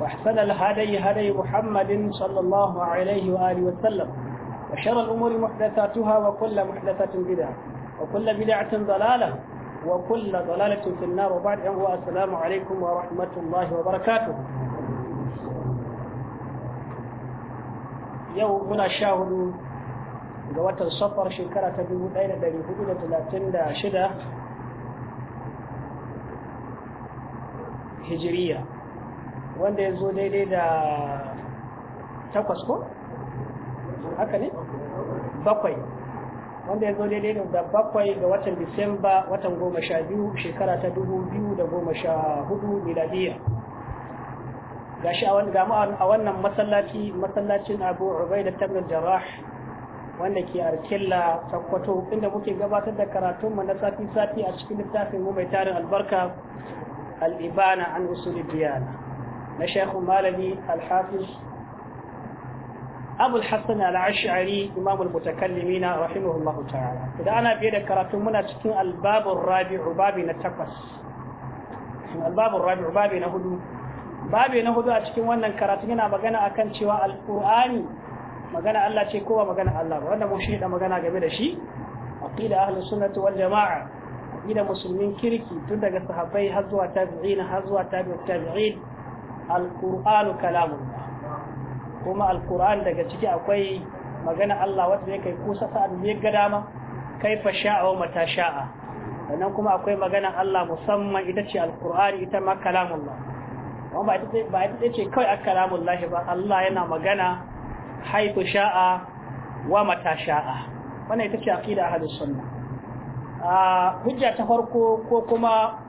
وأحسن الهدي هدي محمد صلى الله عليه وآله وسلم وشر الأمور محدثاتها وكل محدثة بدعة وكل بدعة ضلالة وكل ضلالة في النار وبعد أن السلام عليكم ورحمة الله وبركاته يوم هنا شاهد hudu الصفر شكرا safar shekara ta dubu ɗaya da هجرية wanda ya zo daidai da takwas ko haka ne bakwai wanda ya zo daidai da bakwai ga watan disamba watan goma sha biyu shekara ta dubu biyu da goma sha hudu miladiyya ga shi a wannan matsalaci masallacin abu rubai da da jarrah wanda ke arkilla sakwato inda muke gabatar da karatunmu na sati-sati a cikin littafin mu mai tarin albarka al'ibana an usuli diyana na shekhu malami alhafiz abul hassan al'ashari imam al-mutakallimin rahimahullahu ta'ala idan ana biye da karatu muna cikin albabun rabi'u babi na takwas albabun rabi'u babi na hudu babi na hudu a cikin wannan karatu yana magana akan cewa alqur'ani magana Allah ce kowa magana Allah ba wanda mun shi da magana game da shi aqida ahlus sunnati wal jama'a aqida musulmin kirki tun daga sahabbai har zuwa tabi'in har zuwa tabi'in alqur'anu kalamullah kuma alqur'an daga ciki akwai magana Allah ne kai kusa sa da ga dama kaifa sha'a wa mata sha'a sannan kuma akwai magana Allah musamman ita ce alqur'ani ita ma kalamullah ba ba ita ce kai kalamullah ba Allah yana magana haifu sha'a wa mata sha'a wannan ita ce aqida ahlus sunnah hujja ta farko ko kuma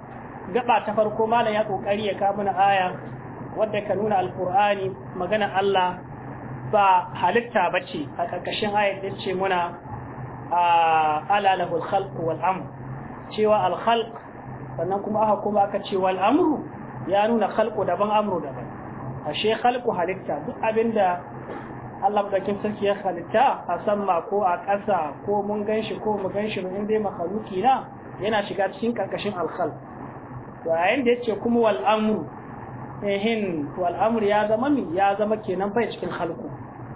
gaba ta farko malam ya kokari ya kawo mana aya wadda ka nuna alkur'ani magana Allah ba halitta bace a ƙarƙashin ayat da ce muna a alalahu khalq wal cewa al sannan kuma aka kuma aka ce wal ya nuna halku daban amru daban ashe halku halitta duk abin da Allah kin sarki ya halitta a sama ko a ƙasa ko mun ganshi ko mu ganshi in dai makhluki na yana shiga cikin karkashin al to yayin da yace kuma wal amru ehin to al'amur ya zama mi ya zama kenan bai cikin halku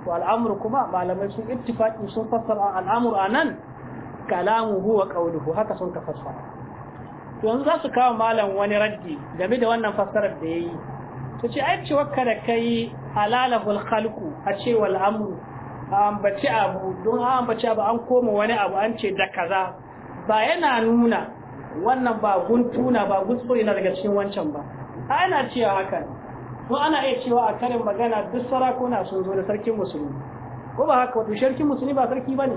to al'amur kuma malamai sun ittifaqi sun fassara al'amur anan kalamu huwa qawluhu haka sun fassara to yanzu za su kawo malam wani raddi game da wannan fassarar da yayi to ce ai ce wakka da kai halalul khalqu a ce wal amru an bace abu don an bace abu an koma wani abu an ce da kaza ba yana nuna wannan ba guntuna ba gutsuri na daga cikin wancan ba ana cewa hakan ko ana iya cewa a karin magana duk sarakuna sun zo da sarkin musulmi ko ba haka wato sarkin musulmi ba sarki bane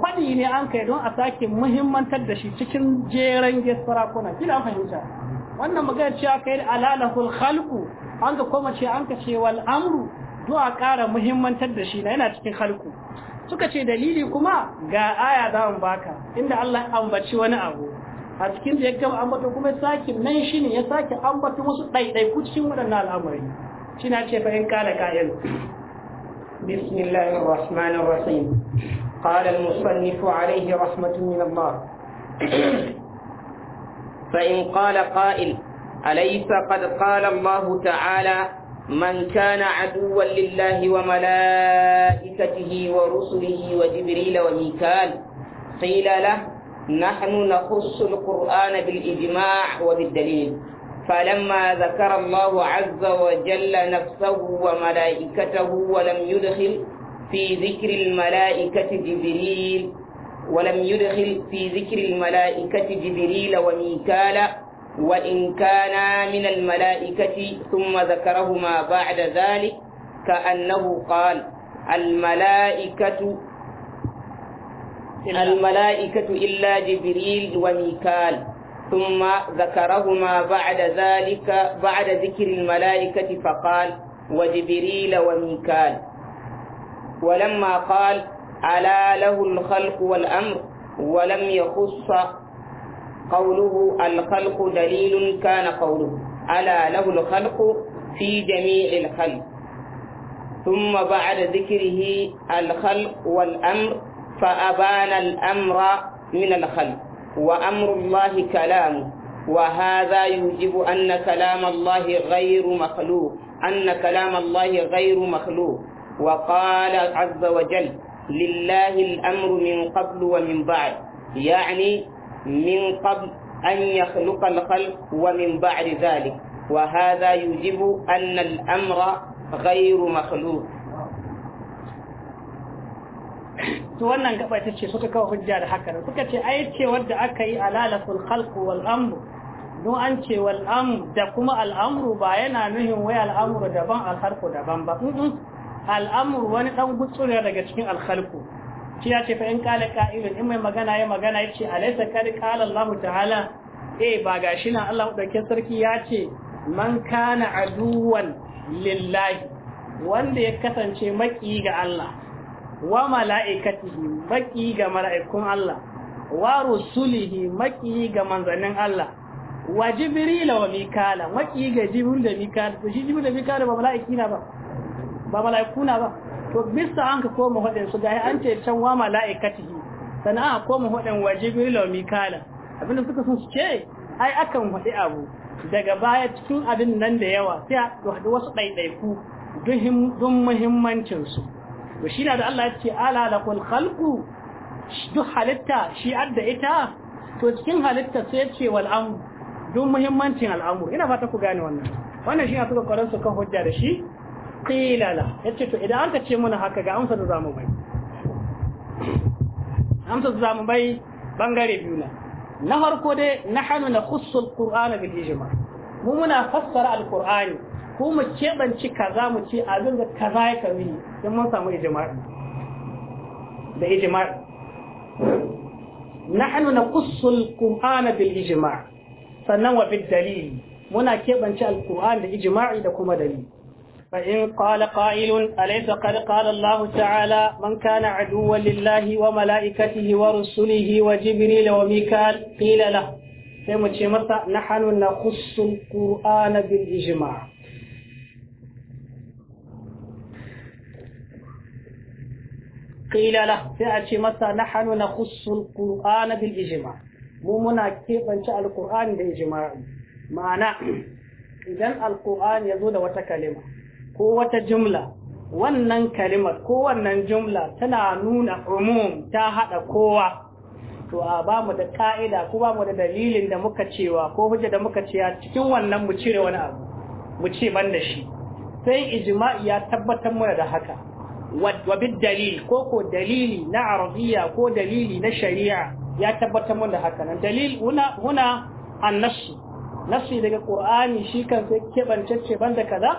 faɗi ne an kai don a sake muhimmantar da shi cikin jeran ges sarakuna kina fahimta wannan magana cewa kai alalahul khalqu an ga kuma ce an ka ce wal amru to a ƙara muhimmantar da shi na yana cikin khalqu suka ce dalili kuma ga aya za mu baka inda Allah ambaci wani abu a cikin da ya gama ambato kuma sake nan shi ne ya sake ambato wasu ɗaiɗaiku cikin waɗannan al'amari shi na ce fa'in kala ƙa'il bismillahir rahmanir rahim qala al-musannif alayhi rahmatun min Allah fa in qala qa'il alaysa qad qala Allah ta'ala من كان عدوا لله وملائكته ورسله وجبريل وميكال قيل له نحن نخص القرآن بالإجماع وبالدليل فلما ذكر الله عز وجل نفسه وملائكته ولم يدخل في ذكر الملائكة جبريل ولم يدخل في ذكر الملائكة جبريل وميكال وإن كانا من الملائكة ثم ذكرهما بعد ذلك كأنه قال الملائكة الملائكة إلا جبريل وميكال ثم ذكرهما بعد ذلك بعد ذكر الملائكة فقال وجبريل وميكال ولما قال ألا له الخلق والأمر ولم يخص قوله الخلق دليل كان قوله ألا له الخلق في جميع الخلق ثم بعد ذكره الخلق والأمر فأبان الأمر من الخلق وأمر الله كلامه وهذا يوجب أن كلام الله غير مخلوق أن كلام الله غير مخلوق وقال عز وجل لله الأمر من قبل ومن بعد يعني من قبل أن يخلق الخلق ومن بعد ذلك وهذا يوجب أن الأمر غير مخلوق to wannan gaba ta ce suka kawo hujja da haka suka ce ai ce wanda aka yi alalakul khalqu wal amru don an ce wal amru da kuma al amru ba yana nuhin wai al amru daban al khalqu daban ba al amru wani dan gutsura daga cikin al khalqu shi ya ce fa in kala qa'ilun in mai magana ya magana yace alaysa kad qala Allah ta'ala eh ba gashi na Allah dauke sarki ya ce man kana aduwan lillahi wanda ya kasance maki ga Allah wa mala'ikatihi maki ga mala'ikun Allah wa rusulihi maki ga manzannin Allah wa jibril wa mikala maki ga jibril da mikala to shi jibril da mikala ba mala'iki na ba ba mala'iku na ba to bisa an ka koma hodin su ga an ce can wa mala'ikatihi sana'a koma hodin wa jibril wa mikala abinda suka sun su ce ai akan wadi abu daga baya cikin abin nan da yawa sai wasu ɗaiɗaiku don muhimmancinsu to shi na da Allah ya ce ala da kul khalqu duk halitta shi adda ita to cikin halitta sai ce wal amr duk muhimmancin al'amur ina fata ku gane wannan wannan shi na suka kwaran su kan hujja da shi qilala ce to idan an ka ce muna haka ga amsa da zamu bai amsa da zamu bai bangare biyu na na farko dai nahnu na kusur qurana bil ijma' mu muna fassara al-qur'ani ko mu keɓanci kaza mu ce abin da kaza ya kami don mun samu ijima'i da ijima'i nahnu bil sannan wa bil dalil muna keɓance alqur'an da ijma'i da kuma dalil فإن قال قائل أليس قد قال الله تعالى من كان عدوا لله وملائكته ورسله وجبريل وميكال قيل له sai mu ce masa nahanu na khussul ijma' qila la sai a ce masa nahnu nakhussu na bil ijma mu muna keɓance alqur'ani da ijma'i ma'ana idan alqur'ani ya zo da wata kalima ko wata jumla wannan kalimar ko wannan jumla tana nuna umum ta hada kowa to a ba da ka'ida ko ba da dalilin da muka cewa ko hujja da muka cewa cikin wannan mu cire wani abu mu ce ban da shi sai ijima'i ya tabbatar mana da haka wa bid dalil ko ko dalili na arziya ko dalili na shari'a ya tabbatar mun da haka nan dalil huna huna annasu daga qur'ani shi kan sai kebancacce banda kaza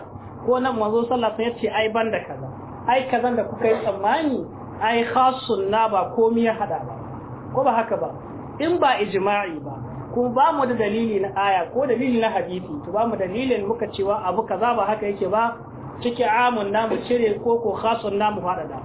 ko nan manzo sallallahu alaihi wasallam ya ce ai banda kaza ai kazan da kuka yi tsammani ai khasun na ba komai ya hada ba ko ba haka ba in ba ijma'i ba ko ba mu da dalili na aya ko dalili na hadisi to ba mu dalilin muka cewa abu kaza ba haka yake ba ciki amun namu cire ko ko khasun namu faɗaɗa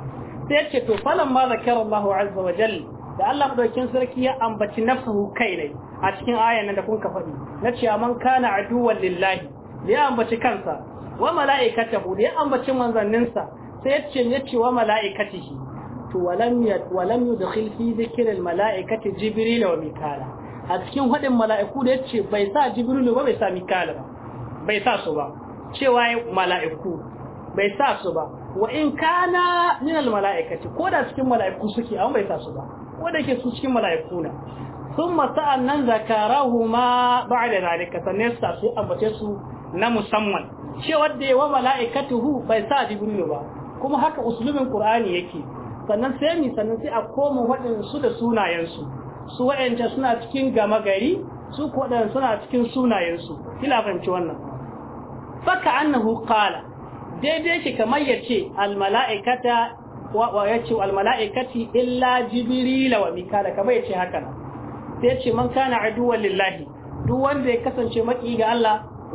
sai yace to falan ma zakar Allah azza wa jal da Allah dokin sarki ya ambaci nafsuhu kai ne a cikin ayan nan da kun ka faɗi na ce man kana aduwan lillahi ya ambaci kansa wa mala'ikatahu ya ambaci wanzanninsa. sai yace ya ce wa mala'ikatihi to walam yad walam yudkhil fi dhikril mala'ikati jibril wa mikala a cikin hadin mala'iku da yace bai sa jibril ba bai sa mikala ba bai sa su ba cewa mala'iku bai sa su ba wa in kana min mala’ikaci, ko da cikin mala'iku suke an bai sa su ba ko da ke su cikin mala'iku na Sun nan thumma ba zakarahuma ba'da zalika sannan sa su ambace su na musamman cewa da yawa hu bai sa jibrilu ba kuma haka usulubin kur'ani yake sannan sai mi sannan sai a koma waɗansu da sunayensu su waɗanda suna cikin gama gari su kuwa suna cikin sunayensu kila fahimci wannan faka annahu qala daidai shi kamar yace al mala'ikata wa yace al mala'ikati illa jibril wa mikala kamar yace haka sai yace man kana aduwan lillahi duk wanda ya kasance maki ga Allah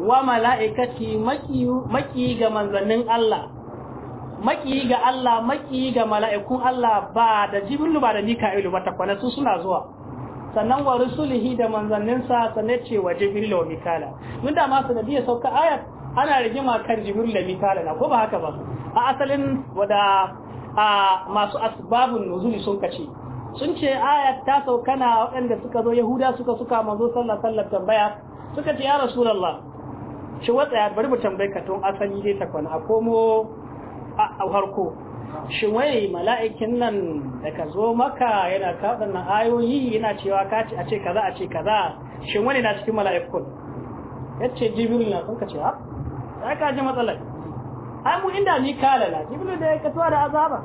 wa mala'ikati maki maki ga manzannin Allah maki ga Allah maki ga mala'ikun Allah ba da jibrilu ba da mika'ilu ba takwana su suna zuwa sannan wa rusulihi da manzanninsa sannan ce wa jibrilu wa mikala mun da ma sanadiyar sauka ayat ana rigima kan jibril da mikala na ko ba haka ba a asalin wada a masu asbabun nuzuli sun kace sun ce ayat ta saukana waɗanda suka zo yahuda suka suka manzo sallallahu alaihi tambaya suka ce ya rasulullah shi wata ya bari mu tambaye ka tun asali dai ta kwana a komo a harko shi wai mala'ikin nan da ka zo maka yana ka waɗannan ayoyi yana cewa ka ce a ce kaza a ce kaza shi wani na cikin mala'ikun ya ce jibril na sun ka ce ha sai ka ji matsalar ai mu inda ni kalala jibril da ya kasuwa da azaba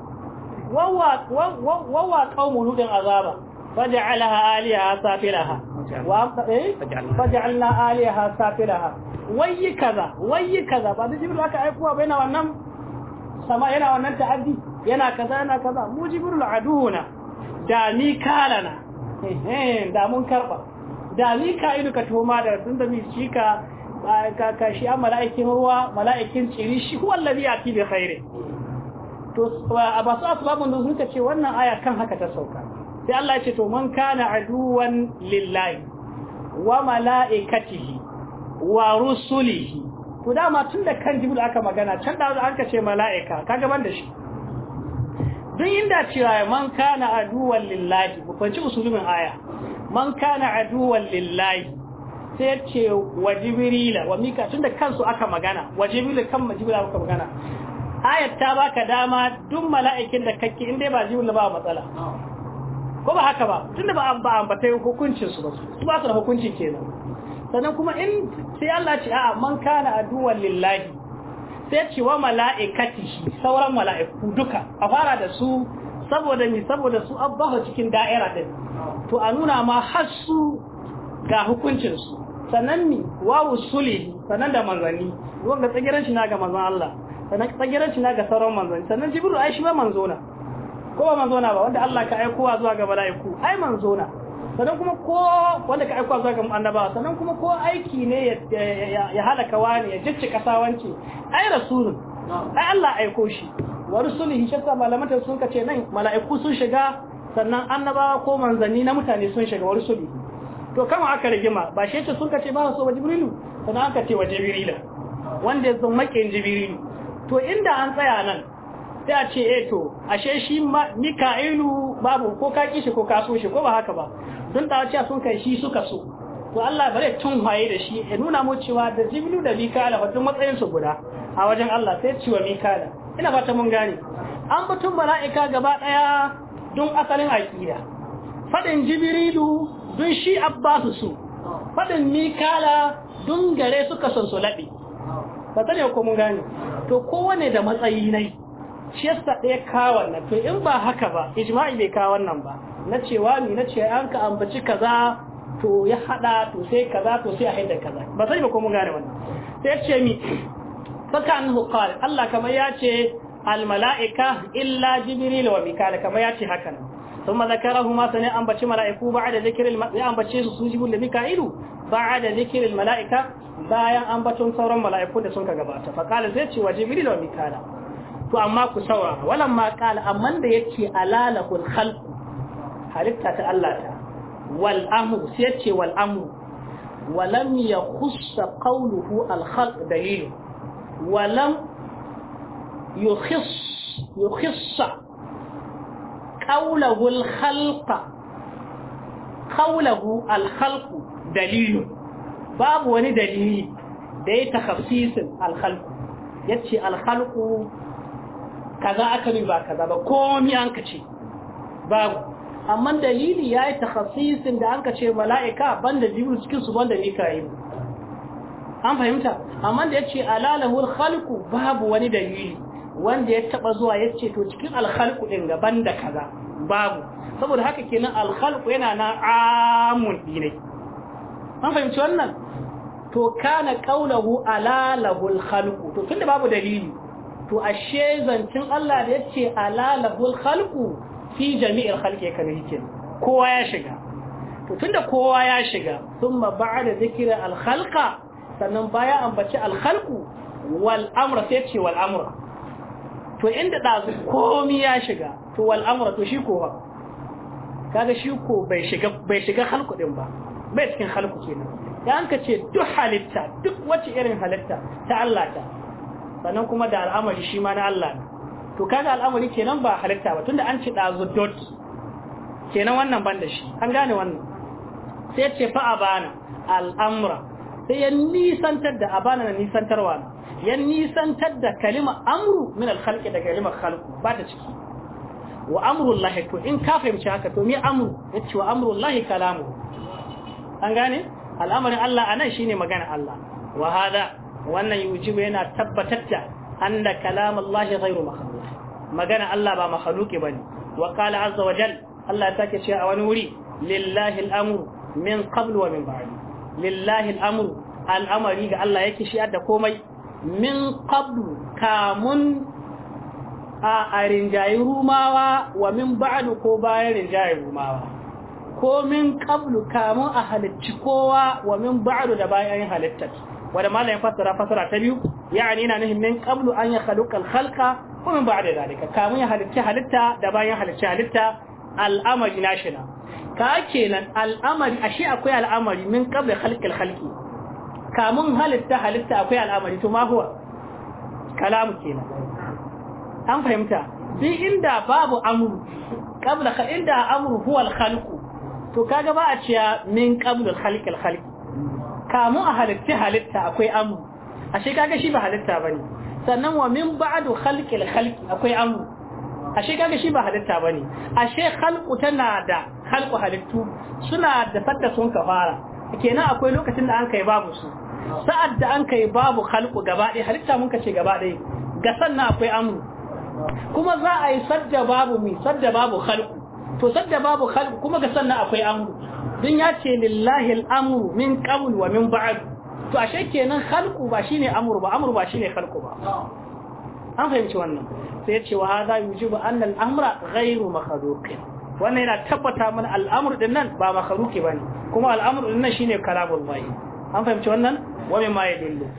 wawa wawa qaumu ludin azaba faj'alaha aliha safilaha wa eh faj'alna aliha safilaha wayyi kaza wayyi kaza ba da jibril aka aikuwa bai na wannan sama yana wannan ta'addi yana kaza yana kaza mu jibril aduhuna da ni kalana da mun karba da ni ka idu ka toma da tun da mi shi ka kashi a mala'ikin ruwa mala'ikin tsiri shi huwa allazi yati bi khairin to ba su asbabun da suka ce wannan aya kan haka ta sauka sai Allah ce to man kana aduwan lillahi wa mala'ikatihi wa rusulihi to dama tun da kan jibril aka magana can da an ka ce mala'ika ka gaban da shi duk inda cewa man kana aduwan lillahi ku fanci usulumin aya man kana aduwan lillahi sai ce wa jibrila wa mika tunda kansu aka magana wa jibrila kan majibila aka magana ayat ta baka dama duk mala'ikin da kake in dai ba jibrila ba matsala ko ba haka ba tunda ba an ba an ba hukuncin su ba su ba su da hukunci kenan sannan kuma in sai Allah ce a'a man kana aduwan lillahi sai ce wa shi sauran mala'iku duka a fara da su saboda ni saboda su abba cikin da'ira din to a nuna ma har su ga hukuncinsu sannan mi wa rusuli sannan da manzanni ga tsagiran shi na ga manzon Allah sannan tsagiran shi na ga sauran manzanni sannan jibril ai shi ba manzo na ko ba manzo na ba wanda Allah ka aikowa zuwa ga mala'iku ai manzo na sannan kuma ko wanda ka aikowa zuwa ga annabawa sannan kuma ko aiki ne ya halaka wani ya jicci kasawanci ai rasulun ai Allah aiko shi wa rusulihi shakka malamatan sun kace nan mala'iku sun shiga sannan annabawa ko manzanni na mutane sun shiga wa rusulihi to kama aka rigima ba shi yace sun kace ba so ba jibrilu sannan aka ce wa jibrilu wanda ya zama in jibrilu to inda an tsaya nan sai a ce eh to ashe shi mika'ilu babu ko ka kishi ko ka so shi ko ba haka ba sun da cewa sun kai shi suka so to Allah bare tun waye da shi ya nuna mu cewa da jibrilu da mika'ila ba tun matsayin su guda a wajen Allah sai ciwa mika'ila ina fata mun gane an batun mala'ika gaba daya don asalin aqida fadin jibrilu don shi abbasu su faɗin mikala don gare suka son su laɓi ba ta ne ko mun gane to kowane da matsayi nai shi yasa ɗaya kawo nan to in ba haka ba ijma'i bai kawo wannan ba na cewa ni na ce an ka ambaci kaza to ya haɗa to sai kaza to sai a haida kaza ba sai ba ko mun gane wannan sai ya ce mi faka annahu qala Allah kamar ya ce al mala'ika illa jibril wa mikail kamar ya ce haka nan ثم ذكرهما سنة أنبتش ملائكو بعد ذكر الم... أنبتش سنجب لميكائيل بعد ذكر الملائكة بايا أنبتون ثورا ملائكو لسنك قباتا فقال زيتي وجبريل وميكالا فأما كسورا ولما قال أمن ديكي ألاله الخلق حالبتا تألاتا والأمر سيتي والأمر ولم يخص قوله الخلق دليل ولم يخص يخص kaulahu alhalka kaulahu alhalku dalilu babu wani dalili da ya takafsisin alhalku ya ce alhalku kaza aka bi ba kaza ba komi an ka ce babu amma dalili ya yi takafsisin da an ka ce mala’ika ban da jibin cikin su ban da nika yi an fahimta amma da ya ce alalahu alhalku babu wani dalili wanda ya taba zuwa ya ce to cikin alkhalqu din gaban da kaza babu saboda haka kenan alkhalqu yana na amun dinai an fahimci wannan to kana qaulahu ala lahul khalqu to tunda babu dalili to ashe zancin Allah da yace ala lahul khalqu fi jami'il khalqi kana yake kowa ya shiga to tunda kowa ya shiga thumma ba'da dhikra al khalqa sannan baya ambaci al wal amra sai ce wal amra to inda ɗazu komi ya shiga to wal'amura to shi ko ba kaga shi ko bai shiga bai shiga halku din ba bai cikin halku kenan ya an ka ce duk halitta duk wacce irin halitta ta Allah ta sannan kuma da al'amari shi ma na Allah ne to kaga al'amari kenan ba halitta ba tunda an ci ɗazu dot kenan wannan ban da shi an gane wannan sai ce fa abana al'amra sai ya nisantar da abana na nisantarwa ya nisantar da kalima amru min al-khalqi da kalimar khalqu ba ta ciki wa amrullahi to in ka fahimci haka to me amru yace wa amrullahi kalamu an gane al'amarin Allah anan shine magana Allah wa hada wannan yujibu yana tabbatar da anna kalamallahi ghairu makhluq magana Allah ba makhluqi bane wa qala azza wa jalla Allah ya sake cewa a wani wuri lillahi al min qablu wa min ba'd lillahi al al'amari ga Allah yake shi da komai min qablu kamun a rinjayi rumawa wa min ba'du ko bayan rinjayi rumawa ko min qablu kamun a halitta kowa wa min ba'du da bayan halitta wanda malamin fasara fasara ta biyu yani ina nihin min qablu an ya al khalqa ko min ba'da dalika kamun ya halicci halitta da bayan halicci halitta al'amari nashina ka kenan al'amari ashe akwai al'amari min qabla al khalqi kamun halitta halitta akwai al'amari to ma huwa kalamu kenan an fahimta bi inda babu amru qabla ka inda amru huwa al-khalq to kaga ba a ciya min qabla al-khalq al-khalq kamu a halitta halitta akwai amru ashe kaga shi ba halitta bane sannan wa min ba'du khalq al-khalq akwai amru ashe kaga shi ba halitta bane ashe khalqu tana da khalqu halittu suna da fatta sun ka fara kenan akwai lokacin da an kai babu su sa'ad da an kai babu khalqu gaba halitta mun kace gaba ga sannan akwai amru kuma za a yi sadda babu mi sadda babu khalqu to sadda babu khalqu kuma ga sannan akwai amru din ya ce lillahi al min qabl wa min ba'd to ashe kenan khalqu ba shine amru ba amru ba shine khalqu ba an fahimci wannan sai ya ce wa hadha yujibu anna al ghayru makhluqin wannan yana tabbata mana al-amru din nan ba makhluqi bane kuma al-amru din nan shine kalamul mayyit an fahimci wannan wamin ma ya dullu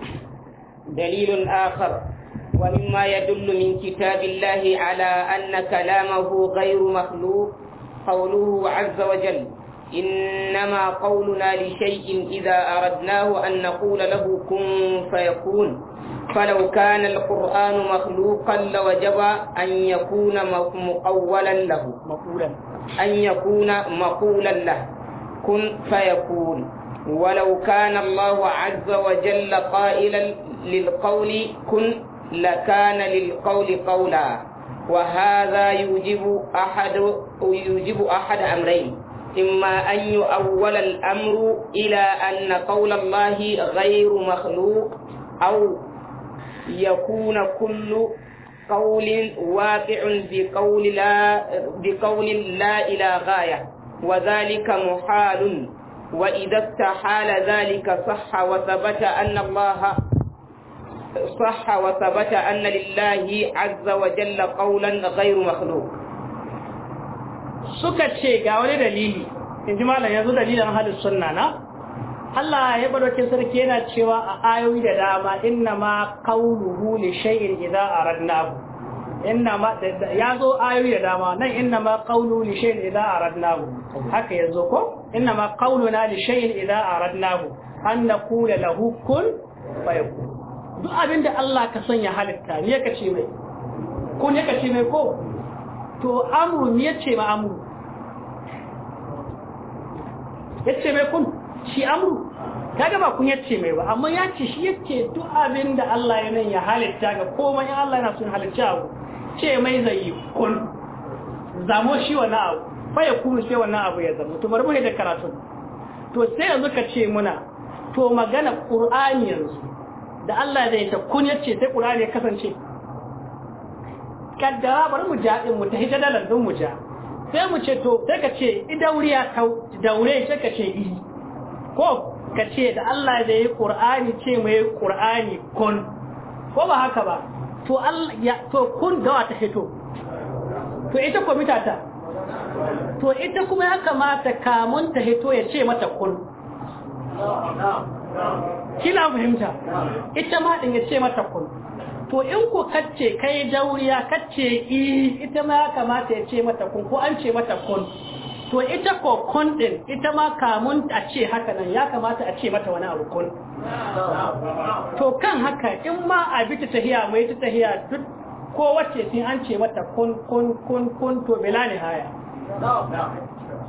dalilun akhar wa mimma yadullu min kitabillahi ala anna kalamahu ghayru makhluq qawluhu azza wa jalla innama qawluna li shay'in idha aradnahu an naqula lahu kun fayakun falau kana alqur'anu makhluqan lawajaba an yakuna muqawwalan lahu maqulan an yakuna kun fayakun ولو كان الله عز وجل قائلا للقول كن لكان للقول قولا وهذا يوجب أحد يوجب أحد أمرين إما أن يؤول الأمر إلى أن قول الله غير مخلوق أو يكون كل قول واقع بقول لا بقول لا إلى غاية وذلك محال وإذا استحال ذلك صح وثبت أن الله صح وثبت أن لله عز وجل قولا غير مخلوق suka ce ga wani dalili in ji malam yanzu dalilin halin sunna na Allah ya barwace sarki yana cewa a ayoyi da dama inna ma qawluhu li shay'in idza aradnahu inna ma ya zo ayoyi da dama nan inna ma qawlu li shay'in idha aradnahu haka yazo ko inna ma qawluna li shay'in idha aradnahu an naqula lahu kun fayakun duk abinda Allah ka sanya halitta ne ka ce mai ko ne ka ce mai ko to amru ne yace ma amru yace mai kun shi amru kaga ba kun yace mai ba amma yace shi yace duk abinda Allah ya nan ya halitta ga komai Allah yana son halitta ce mai zai kun zamo shi wani abu fa kunu sai wani abu ya zama to marmai da karatu to sai yanzu ka ce muna to magana qur'ani yanzu da Allah zai ta kun yace sai qur'ani ya kasance kadda bar mu din mu ta hijadalar don mu ja sai mu ce to sai ka ce idauriya kau daure sai ka ce i ko ka ce da Allah da yi ƙur'ani ce mai ƙur'ani kun ko ba haka ba to Allah ya to kun gawa ta fito to ita komita ta to ita kuma ya kamata kamun ta fito ya ce mata kun kila fahimta ita ma din ya ce mata kun to in ku kacce kai dauriya kacce ita ma ya kamata ya ce mata kun ko an ce mata kun to ita kokon din ita ma kamun a ce haka nan ya kamata a ce mata wani abu kun to kan haka in ma a bi ta tahiya mai ta tahiya duk ko wacce sai an ce mata kun kun kun kun to bila ni haya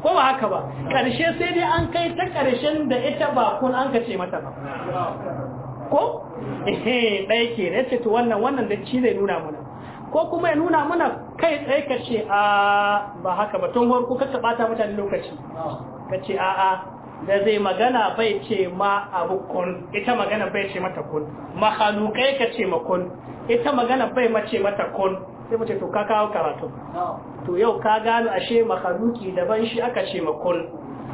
ko ba haka ba karshe sai dai an kai ta karshen da ita ba kun an ka ce mata ba ko eh dai ke ne ce to wannan wannan da ci zai nuna mana ko kuma ya nuna mana kai tsaye ka ce a ba haka ba tun horku ka ta mutane lokaci ka ce a a da zai magana bai ce ma abu kun ita magana bai ce mata kun mahalukai ka ce ma kun ita magana bai mace mata kun sai mace to ka kawo karatu to yau ka gano ashe mahaluki daban shi aka ce ma kun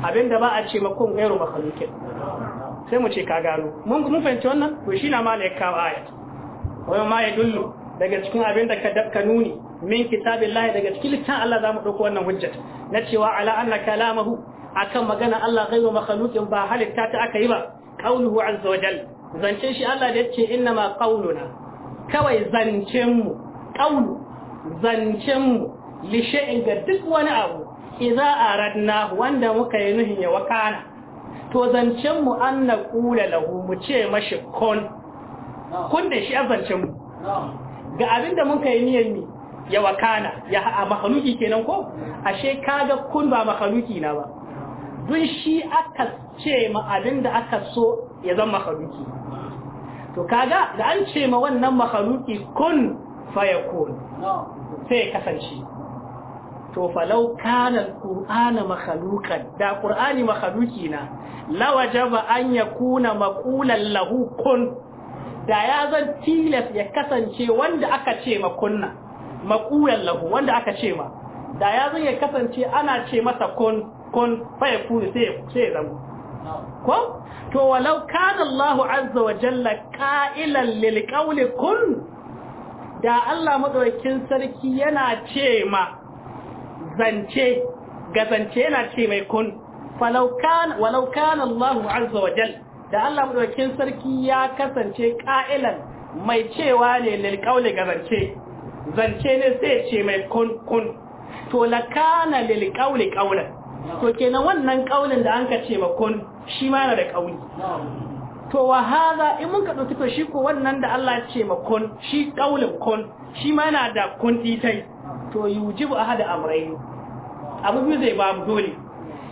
abinda ba a ce ma kun gairu mahalukin sai mu ce ka gano mun fahimci wannan to shi na ma ne kawo ayat wai ma ya dullu daga cikin abin da ka dabka nuni min kitabillahi daga cikin littan Allah zamu dauko wannan hujjat na cewa ala anna kalamahu akan magana Allah ghayru makhluqin ba halitta ta aka yi ba qauluhu azza wa jal zance shi Allah da yace inna ma qauluna kawai zancen mu qaulu zancen mu li shay'in ga duk wani abu idza aradna wanda muka yi nuhin ya wakana to zancen mu an naqula lahu mu ce mashi kun kun da shi azancin mu ga abin da mun kai niyyar ni ya wakana ya a makhluki kenan ko ashe kaga kun ba makhluki na ba dun shi aka ce ma abin da aka so ya zama makhluki to kaga da an ce ma wannan makhluki kun fayakun sai kasance to falau kana alqur'ana makhlukan da qur'ani makhluki na lawajaba an yakuna maqulan lahu kun da ya zan tilas ya kasance wanda aka ce ma kunna maqulan lahu wanda aka ce ma da ya zan ya kasance ana ce masa kun kun fa ya kuni sai sai zama ko to walau kana Allah azza wa jalla qa'ilan lil qawli kun da Allah madaukakin sarki yana ce ma zance ga zance yana ce mai kun falau kana walau kana Allah azza wa jalla da Allah madaukakin sarki ya kasance ƙa'ilan mai cewa ne lil qawli ga zance zance ne sai ce mai kun kun to kana lil qawli qawlan to kenan wannan qawlin da an ka ce ma kun shi ma na da qawli to wa haza in mun ka dauki to shi ko wannan da Allah ya ce ma kun shi qawlin kun shi ma na da kun ditai to yujibu ahada amrayn abu biyu zai ba mu dole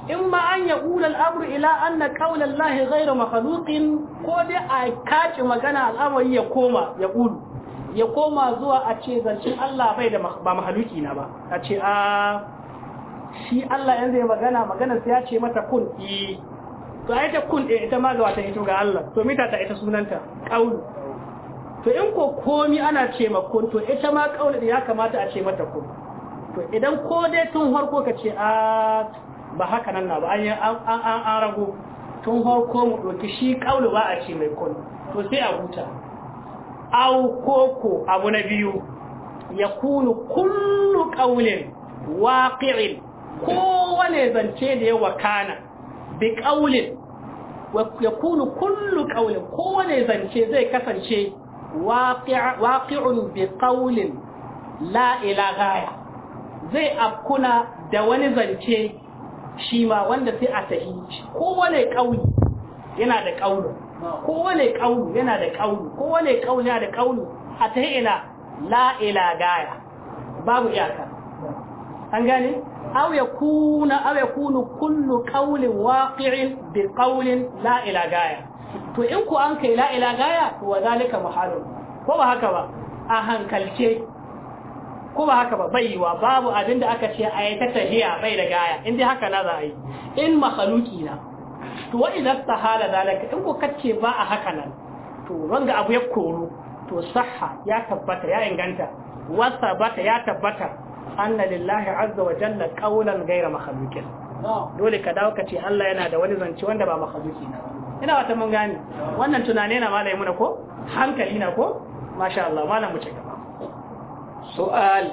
in ma an ya ƙula al'amur ila an na ƙaunar lahi zairu mahalukin ko dai a kaci magana al'amari ya koma ya ƙulu ya koma zuwa a ce zancen Allah bai da ba mahaluki na ba a ce a shi Allah yanzu ya magana magana sai ya ce mata kun yi to ai ta kun ita ma ga wata hito ga Allah to mita ta ita sunanta ƙaunu. to in ko komi ana ce ma kun to ita ma kaulu ya kamata a ce mata kun to idan ko dai tun harko ka ce a ba haka nan na ba an an rago tun farko mu ɗauki shi ƙaulu ba a ce mai kun to sai a huta au koko abu na biyu ya kunu kullu ƙaulin waƙi'in kowane zance da ya wakana bi ƙaulin ya kunu kullu ƙaulin kowane zance zai kasance waƙi'un bi ƙaulin la ila gaya zai afkuna da wani zance shi ma wanda sai a tahi kowane kauli yana da ko kowane ƙauni yana da ko kowane kauli yana da ƙauni, a tahi ila la ila gaya babu iyaka an gane aw yakuna aw yakunu kullu qawlin waqi'in bi qawlin la ila gaya to in ku an kai la ila gaya to wa zalika ko ba haka ba a hankalce ko ba haka ba wa babu abin da aka ce a yi ta tahiya bai da gaya in dai haka na za a yi in makhluki na to wa idan sahala zalaka in ko kace ba a haka nan to wanga abu ya koro to sahha ya tabbata ya inganta wa sabata ya tabbata anna lillahi azza wa jalla qawlan ghayra makhluqin dole ka dawo ka ce Allah yana da wani zance wanda ba makhluqi na ina wata mun gane wannan tunane na malai muna ko hankali na ko masha Allah malam mu gaba سؤال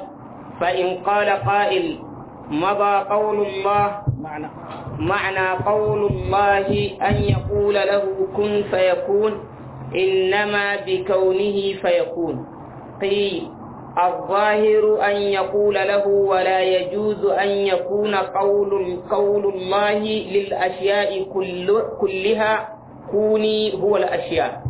فإن قال قائل مضى قول الله معنى معنى قول الله أن يقول له كن فيكون إنما بكونه فيكون قيل الظاهر أن يقول له ولا يجوز أن يكون قول قول الله للأشياء كل كلها كوني هو الأشياء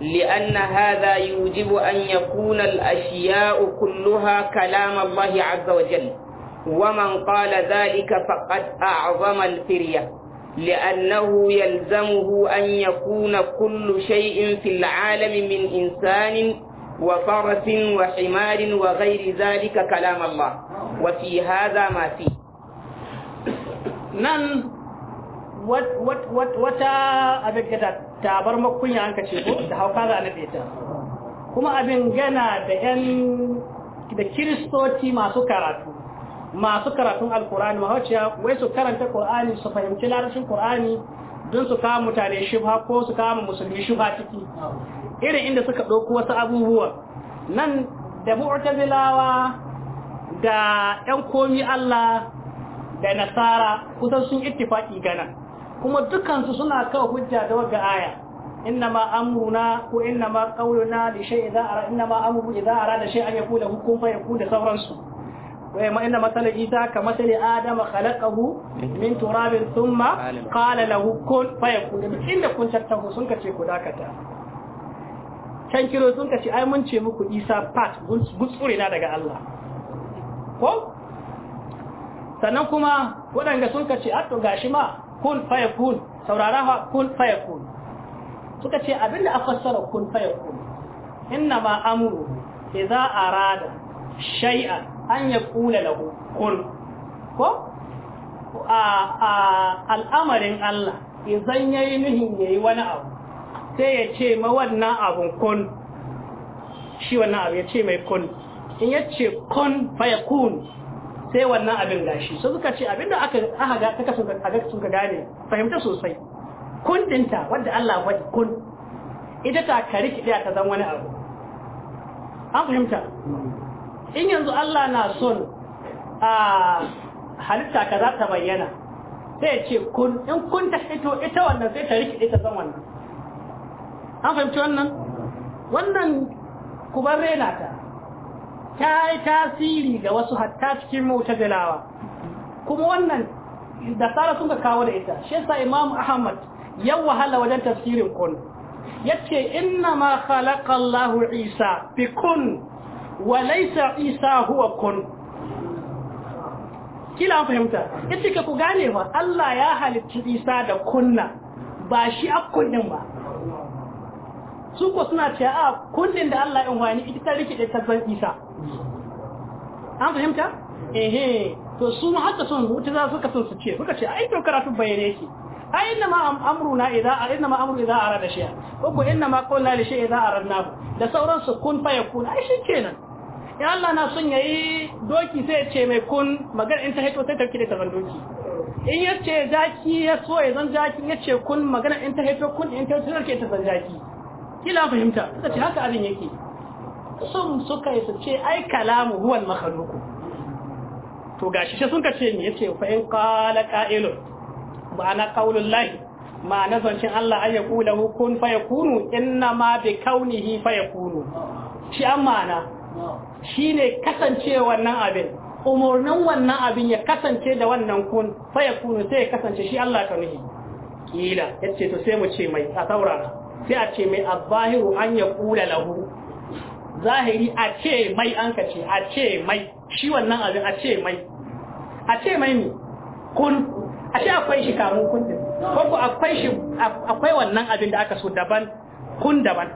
لأن هذا يوجب أن يكون الأشياء كلها كلام الله عز وجل ومن قال ذلك فقد أعظم الفرية لأنه يلزمه أن يكون كل شيء في العالم من إنسان وفرس وحمار وغير ذلك كلام الله وفي هذا ما فيه نن وات وات وات وات tabar makunya an kace ko da hauka za na kuma abin gana da yan da kiristoci masu karatu masu karatun alkur'ani mahauciya wai su karanta kur'ani su fahimci larashin kur'ani don su kama mutane shubha ko su kama musulmi shubha ciki irin inda suka ɗauko wasu abubuwa nan da mu'tazilawa da ɗan komi Allah da nasara kusan sun ittifaki ganan kuma dukansu suna kawo hujja da waga aya innama amruna ko innama qauluna li shay'in idza ara innama amru idza arada shay'an yakuna hukum fa yakuna sauransu wa eh, ma inna masala isa ka masali adam khalaqahu min turabin thumma qala lahu kun fa yakuna inda kun tattaho sun kace ku dakata can kiro sun kace ai mun ce muku isa part gutsure na daga Allah ko sannan kuma waɗanda sun kace atto gashi ma kun fayakun saurara kun fayakun suka ce abinda aka fassara kun fayakun inna ma amuru idza arada Shai'a, an kula lahu kun ko a al'amarin Allah idan yayi nuhin yayi wani abu sai ya ce ma wannan abun kun shi wannan abu ya ce mai kun in ya ce kun fayakun sai wannan abin gashi su suka ce abinda aka aka ga kaka sun ga sun gane fahimta sosai kun dinta wanda Allah ya kun ita ta kari kiɗa ta zan wani abu an fahimta in yanzu Allah na son a halitta kaza ta bayyana sai ce kun in kun ta fito ita wannan sai ta riki ta zan wannan an fahimci wannan wannan kubar rena ta ta yi tasiri ga wasu hatta cikin mu'tazilawa kuma wannan da tsara sun kawo da ita shi imam ahmad ya wahala wajen tasirin kun yace inna ma khalaqa allah isa bi kun wa isa huwa kun kila fahimta yace ku gane ba. allah ya halicci isa da kunna ba shi akunin ba su ko suna ce a ah, kullun da Allah in wani ita ta rike ta zan isa an fahimta ehe to su ma haka sun rubuta za su ka sun su ce suka ce ai to karatu bayyane shi ai inna ma na idza inna ma amru idza arada shay'a ko ko inna ma qulna li shay'a idza aradna da sauran su kun fa yakun ai kenan. ya Allah na son yayi doki sai ya ce mai kun magana in ta haito sai tarki da taban doki in ya ce jaki ya so ya zan zaki ya ce kun magana in ta haito kun in ta tarki ta zan zaki kila fahimta suka ce haka abin yake sun suka yi ce ai kalamu huwal makhluqu to gashi sai sun kace ni yace fa in qala qa'ilun ma'ana qaulul lahi ma'ana zancin Allah ay yaqulu kun yakunu inna ma bi kaunihi yakunu shi amana shine kasancewa wannan abin umurnin wannan abin ya kasance da wannan kun yakunu sai ya kasance shi Allah ka nuhi kila yace to sai mu ce mai a saurara sai a ce mai abahiru an ya kula lahu zahiri a ce mai an ka ce a ce mai shi wannan abin a ce mai a ce mai ne kun a ce akwai shi kamun kun din ko akwai shi akwai wannan abin da aka so daban kun daban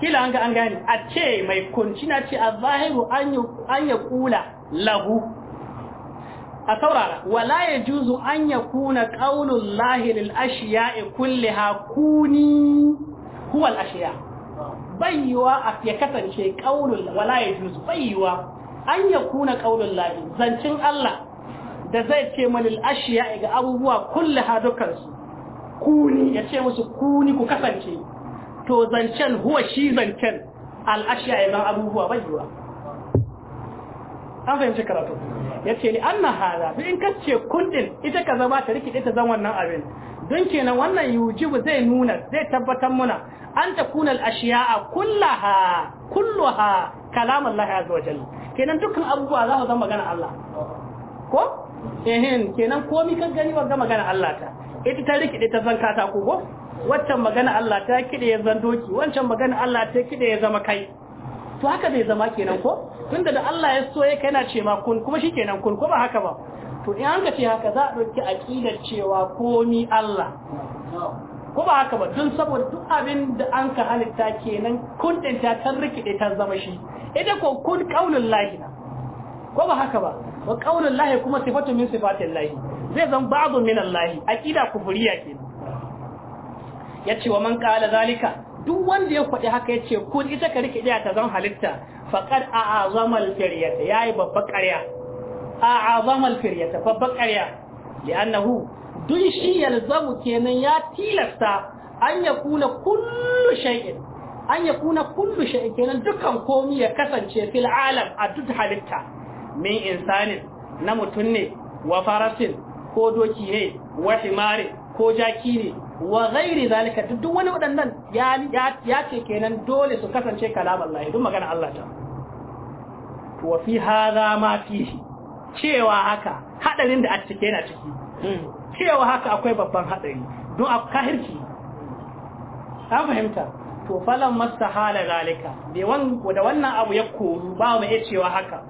kila an ga an gane a ce mai kun shi na ce a zahiru an ya kula lahu a saurara wala ya juzu an ya kuna ƙaunin lahilin ashiya kulle hakuni huwal ashiya bayyuwa a ya kasance ƙaunin wala ya juzu bayyuwa an ya kuna ƙaunin lahi zancin Allah da zai ce mani ashiya ga abubuwa kulle ha dukansu kuni ya ce musu kuni ku kasance to zancen huwa shi zancen al'ashiya ya abubuwa bayyuwa an fahimci karatu ya ce ni an na hada bi in kace kundin ita ka zama ta rikide ta zan wannan abin don kenan wannan yujibu zai nuna zai tabbatar muna an ta kuna a kullaha kulluha kalamun Allah azza wa jalla kenan dukkan abubuwa za mu zan magana Allah ko ehin kenan komi kan gani wa magana Allah ta ita ta rikide ta zan kata ko waccan magana Allah ta kide ya zan doki wancan magana Allah ta kide ya zama kai to haka zai zama kenan ko tunda da Allah ya so yake yana cewa kun kuma shikenan kun ko ba haka ba to in an ce haka za a dauki aqidar cewa komi Allah ko ba haka ba tun saboda duk abin da an ka halitta kenan kun din ta tan rikide ta zama shi ita ko kun kaulul lahi ko ba haka ba wa kaulul lahi kuma sifatu min sifatil lahi zai zan ba'du min Allah aqida kufuriya kenan yace wa man qala zalika duk wanda ya faɗi haka ya ce kun ita ka rike ta zan halitta faƙar a azamal firyata ya yi babbar ƙarya a azamal firyata babbar ƙarya li'annahu duk shi yalzamu kenan ya tilasta an ya kuna kullu shay'in an ya kuna kullu shay'in kenan dukkan komi ya kasance fil alam a duk halitta min insanin na mutum ne wa farasin ko doki ne wa himari ko jaki ne wa ghairi zalika duk wani waɗannan ya ce kenan dole su kasance kalaman lahi duk magana Allah ta to wa fi hadha ma fihi cewa haka hadarin da a cike yana ciki hmm. cewa haka akwai babban hadari don a kahirci ta fahimta to falan mastahala zalika da wannan abu ya koru ba mu iya cewa haka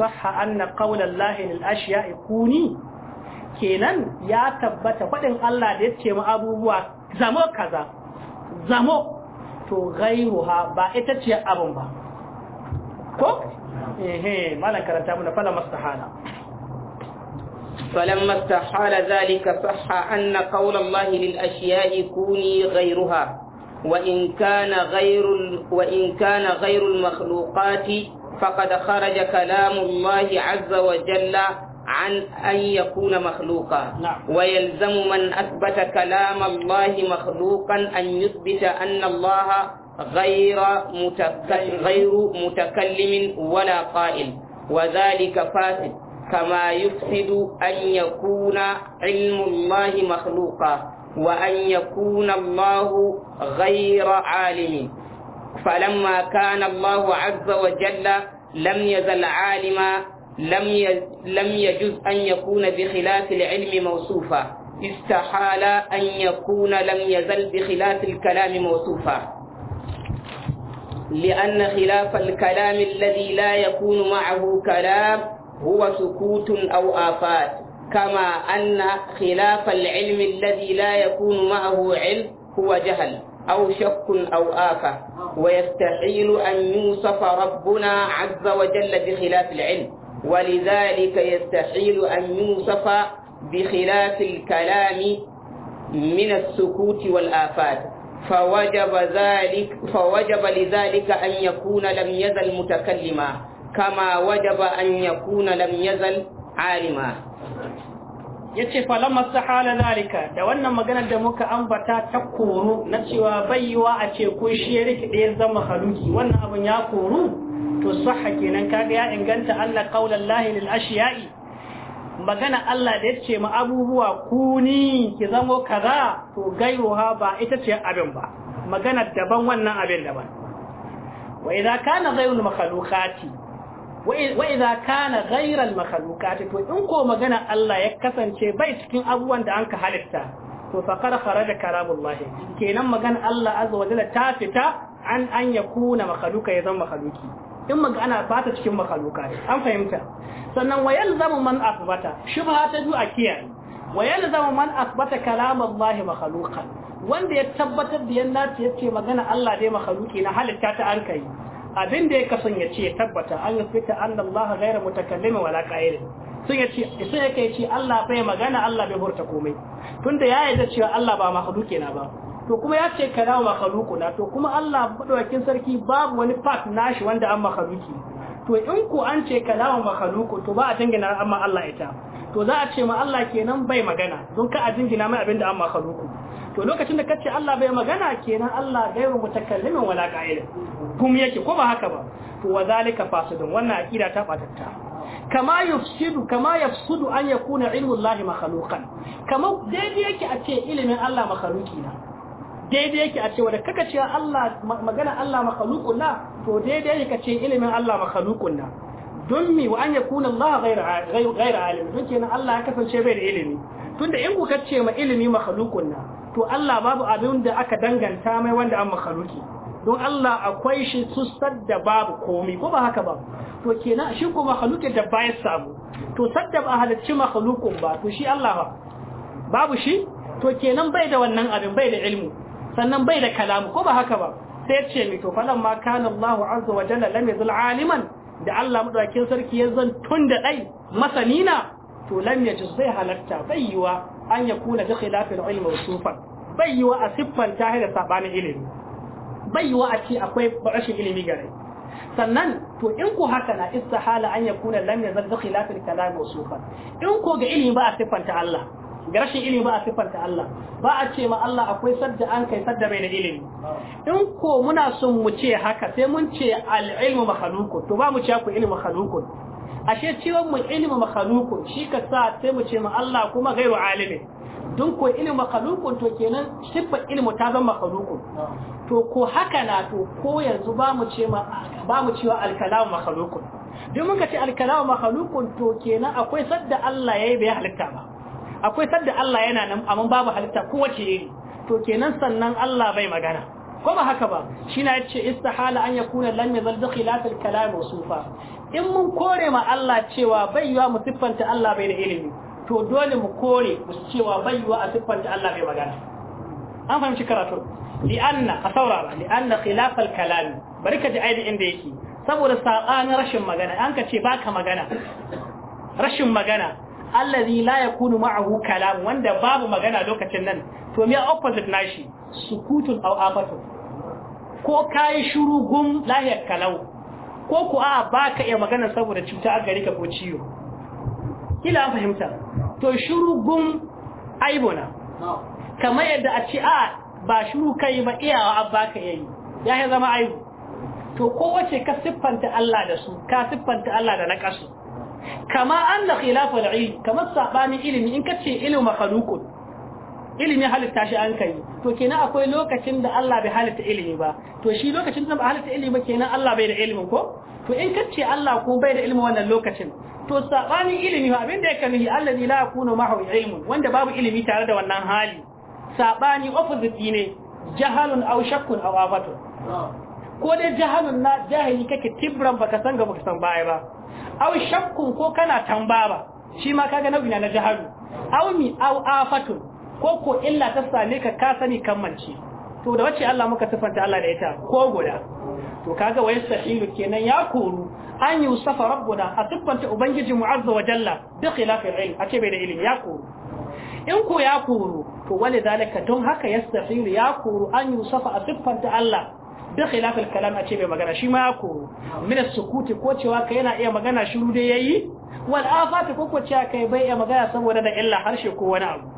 sahha anna qawla allahi lil ashiya'i kuni kenan ya tabbata faɗin Allah da ya ce mu abubuwa zamo kaza zamo to ghairuha ba ita ce abin ba ko ehe malan karanta mu na fala mastahala فلما استحال ذلك صح أن قول الله للأشياء كوني غيرها وإن كان غير وإن كان غير المخلوقات فقد خرج كلام الله عز وجل عن أن يكون مخلوقا نعم. ويلزم من أثبت كلام الله مخلوقا أن يثبت أن الله غير غير متكلم ولا قائل وذلك فاسد كما يفسد أن يكون علم الله مخلوقا وأن يكون الله غير عالم فلما كان الله عز وجل لم يزل عالما لم لم يجوز أن يكون بخلاف العلم موصوفا استحال أن يكون لم يزل بخلاف الكلام موصوفا لأن خلاف الكلام الذي لا يكون معه كلام هو سكوت أو آفات كما أن خلاف العلم الذي لا يكون معه علم هو جهل أو شك أو آفة ويستحيل أن يوصف ربنا عز وجل بخلاف العلم ولذلك يستحيل أن يوصف بخلاف الكلام من السكوت والآفات فوجب ذلك فوجب لذلك أن يكون لم يزل متكلما كما وجب أن يكون لم يزل عالما yace fa lamma sahala zalika da wannan maganar da muka ambata ta koru na cewa baiwa a ce ko shi ya rike da ya zama haluki wannan abin ya koru to sahha kenan kaga ya inganta Allah qaulan lahi lil ashiya'i magana Allah da yace ma abubuwa kuni ki zamo kaza to gairuha ba ita ce abin ba magana daban wannan abin daban wa idza kana ghayrul makhluqati wa idza kana ghayral makhluqati to in ko magana Allah ya kasance bai cikin abubuwan da anka halitta to faqad kharaja kalamullahi kenan magana Allah azza wa jalla ta fita an an yakuna makhluka ya zama makhluki in maga ba bata cikin makaluka an fahimta sannan wa yalzamu man asbata shubha ta du a kiyaye wa yalzamu man asbata kalam Allah makhluqan wanda ya tabbatar da yanda ta yace magana Allah dai makhluqi na halitta ta an kai abin da ya kasan ya tabbata an fita anna Allah ghayra mutakallim wala qa'il sun yace sai yake ce Allah bai magana Allah bai hurta komai tunda ya yarda cewa Allah ba makhluqi na ba to kuma ya ce kalamu makhluquna to kuma Allah madaukakin sarki babu wani part nashi wanda an makhluqi to in ku an ce kalamu makhluqu to ba a dingina amma Allah ita to za a ce ma Allah kenan bai magana don ka a dingina mai abinda an makhluqu to lokacin da kace Allah bai magana kenan Allah gairu mutakallimin wala qa'il kum yake ko ba haka ba to wazalika fasidun wannan akida ta batatta kama yufsidu kama yafsudu an yakuna ilmu Allah makhluqan kama dai yake a ce ilimin Allah makhluqi na daidai yake a cewa da kaka cewa Allah magana Allah makhluqun na to daidai yake ce ilimin Allah makhluqun na don mi wa an yakuna Allah ghayra ghayra alim don kenan Allah ya kasance bai da ilimi tunda in kuka ce ma ilimi makhluqun na to Allah babu abin da aka danganta mai wanda an makhluqi don Allah akwai shi sussar da babu komai ko ba haka ba to kenan shi ko makhluqin da bayan samu to sadda ba halacci makhluqun ba to shi Allah ba babu shi to kenan bai da wannan abin bai da ilmu sannan bai da kalamu ko ba haka ba sai ce mi to falan ma kana Allahu azza wa jalla lam yazul aliman da Allah madawakin sarki ya zan tun da dai masani na to lam yajuz sai halatta bayyuwa an yakuna bi khilafil ilmi wasufan bayyuwa a siffan tahira sabanin ilimi bayyuwa a ce akwai rashin ilimi gare sannan to in ko haka na istihala an ya yakuna lam yazul khilafil kalam wasufan in ko ga ilimi ba a siffanta Allah ga rashin ilimi ba a siffanta Allah ba a ce ma Allah akwai sadda an kai sadda bai da ilimi in ko muna son mu ce haka sai mun ce al-ilmu makhluqun to ba mu ce ku ilmu makhluqun ashe ciwon mu ilmu makhluqun shi ka sa sai mu ce ma Allah kuma gairu alimi don ko ilmu makhluqun to kenan sifar ilmu ta zama makhluqun to ko haka na to ko yanzu ba mu ce ma ba mu cewa al-kalam makhluqun don muka ce al-kalam makhluqun to kenan akwai sadda Allah yayi bai halitta ba akwai sadda Allah yana nan amma babu halitta kowace iri to kenan sannan Allah bai magana ko ba haka ba shi na yace istihala an yakuna lam yazal dakhilat al kalam wasufa in mun kore ma Allah cewa bai yiwa mu siffanta Allah bai da ilimi to dole mu kore mu cewa bai yiwa a siffanta Allah bai magana an fahimci karatu li'anna a saurara li'anna khilaf al kalam barka ji aidi inda yake saboda sabanin rashin magana an ka ce baka magana rashin magana allazi la yakunu ma'ahu kalam wanda babu magana lokacin nan to me opposite nashi sukutun aw afatun ko kai shuru gum lahiyar kalau ko ku a baka iya magana saboda cuta a gari ka ko ciwo kila an fahimta to shuru gum aibuna kamar yadda a ce a ba shuru kai ba iyawa wa baka yayi ya zama aibu to kowace ka siffanta Allah da su ka siffanta Allah da na kasu kama anna khilafal ilm kamar sabanin ilimi in ce ilmu makhluqun ilimi halitta shi an kai to kenan akwai lokacin da Allah bai halitta ilimi ba to shi lokacin da ba halitta ilimi ba kenan Allah bai da ilimin ko to in ce Allah ko bai da ilimi wannan lokacin to sabanin ilimi ba abinda yake nuhi allazi la yakunu mahu ilmun wanda babu ilimi tare da wannan hali sabani opposite ne jahalun aw shakkun aw afatun ko dai jahannun na jahili kake tibran baka san ga baka san baya ba aw shakkun ko kana tambaba shi ma kaga nau'i na jahalu aw mi aw afatun ko ko illa ta same ka ka sani kammanci to da wacce Allah muka sifanta Allah da ita ko guda to kaga wai sahihu kenan ya koru an yi safa rabbuna a siffanta ubangiji mu wa jalla bi khilafil ilm a ce bai da ilmi ya koru in ko ya koru to wale zalika don haka yastahilu ya koru an yusafa a siffanta Allah da khilafil kalam a ce bai magana shi ma ya koro min sukuti ko cewa kai yana iya magana shiru dai yayi wal afati ko ko cewa kai bai iya magana saboda da illa harshe ko wani abu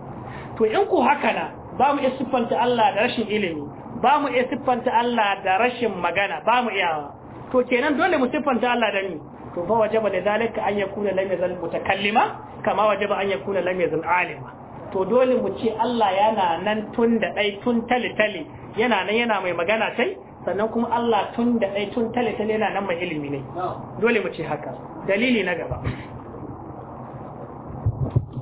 to in ku haka na ba mu iya siffanta Allah da rashin ilimi ba mu iya siffanta Allah da rashin magana ba mu iya to kenan dole mu siffanta Allah da ni to fa wajaba da zalika an yakuna lam yazal mutakallima kama wajaba an yakuna lam yazal alima to dole mu ce Allah yana nan tun da dai tun tali tali yana nan yana mai magana sai sannan kuma Allah tun da ɗai tun tale yana nan mai ilimi ne dole mu haka dalili na gaba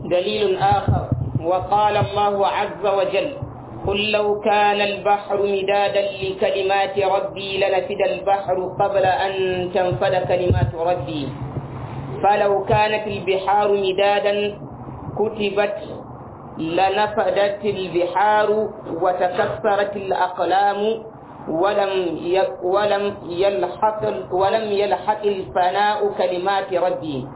dalilun akhar wa qala Allah azza wa jalla قل لو كان البحر مدادا لكلمات ربي لنفد البحر قبل أن تنفد كلمات ربي فلو كانت البحار مدادا كتبت لنفدت البحار وتكسرت الأقلام ولم ولم يلحق ولم يلحق الفناء كلمات ربي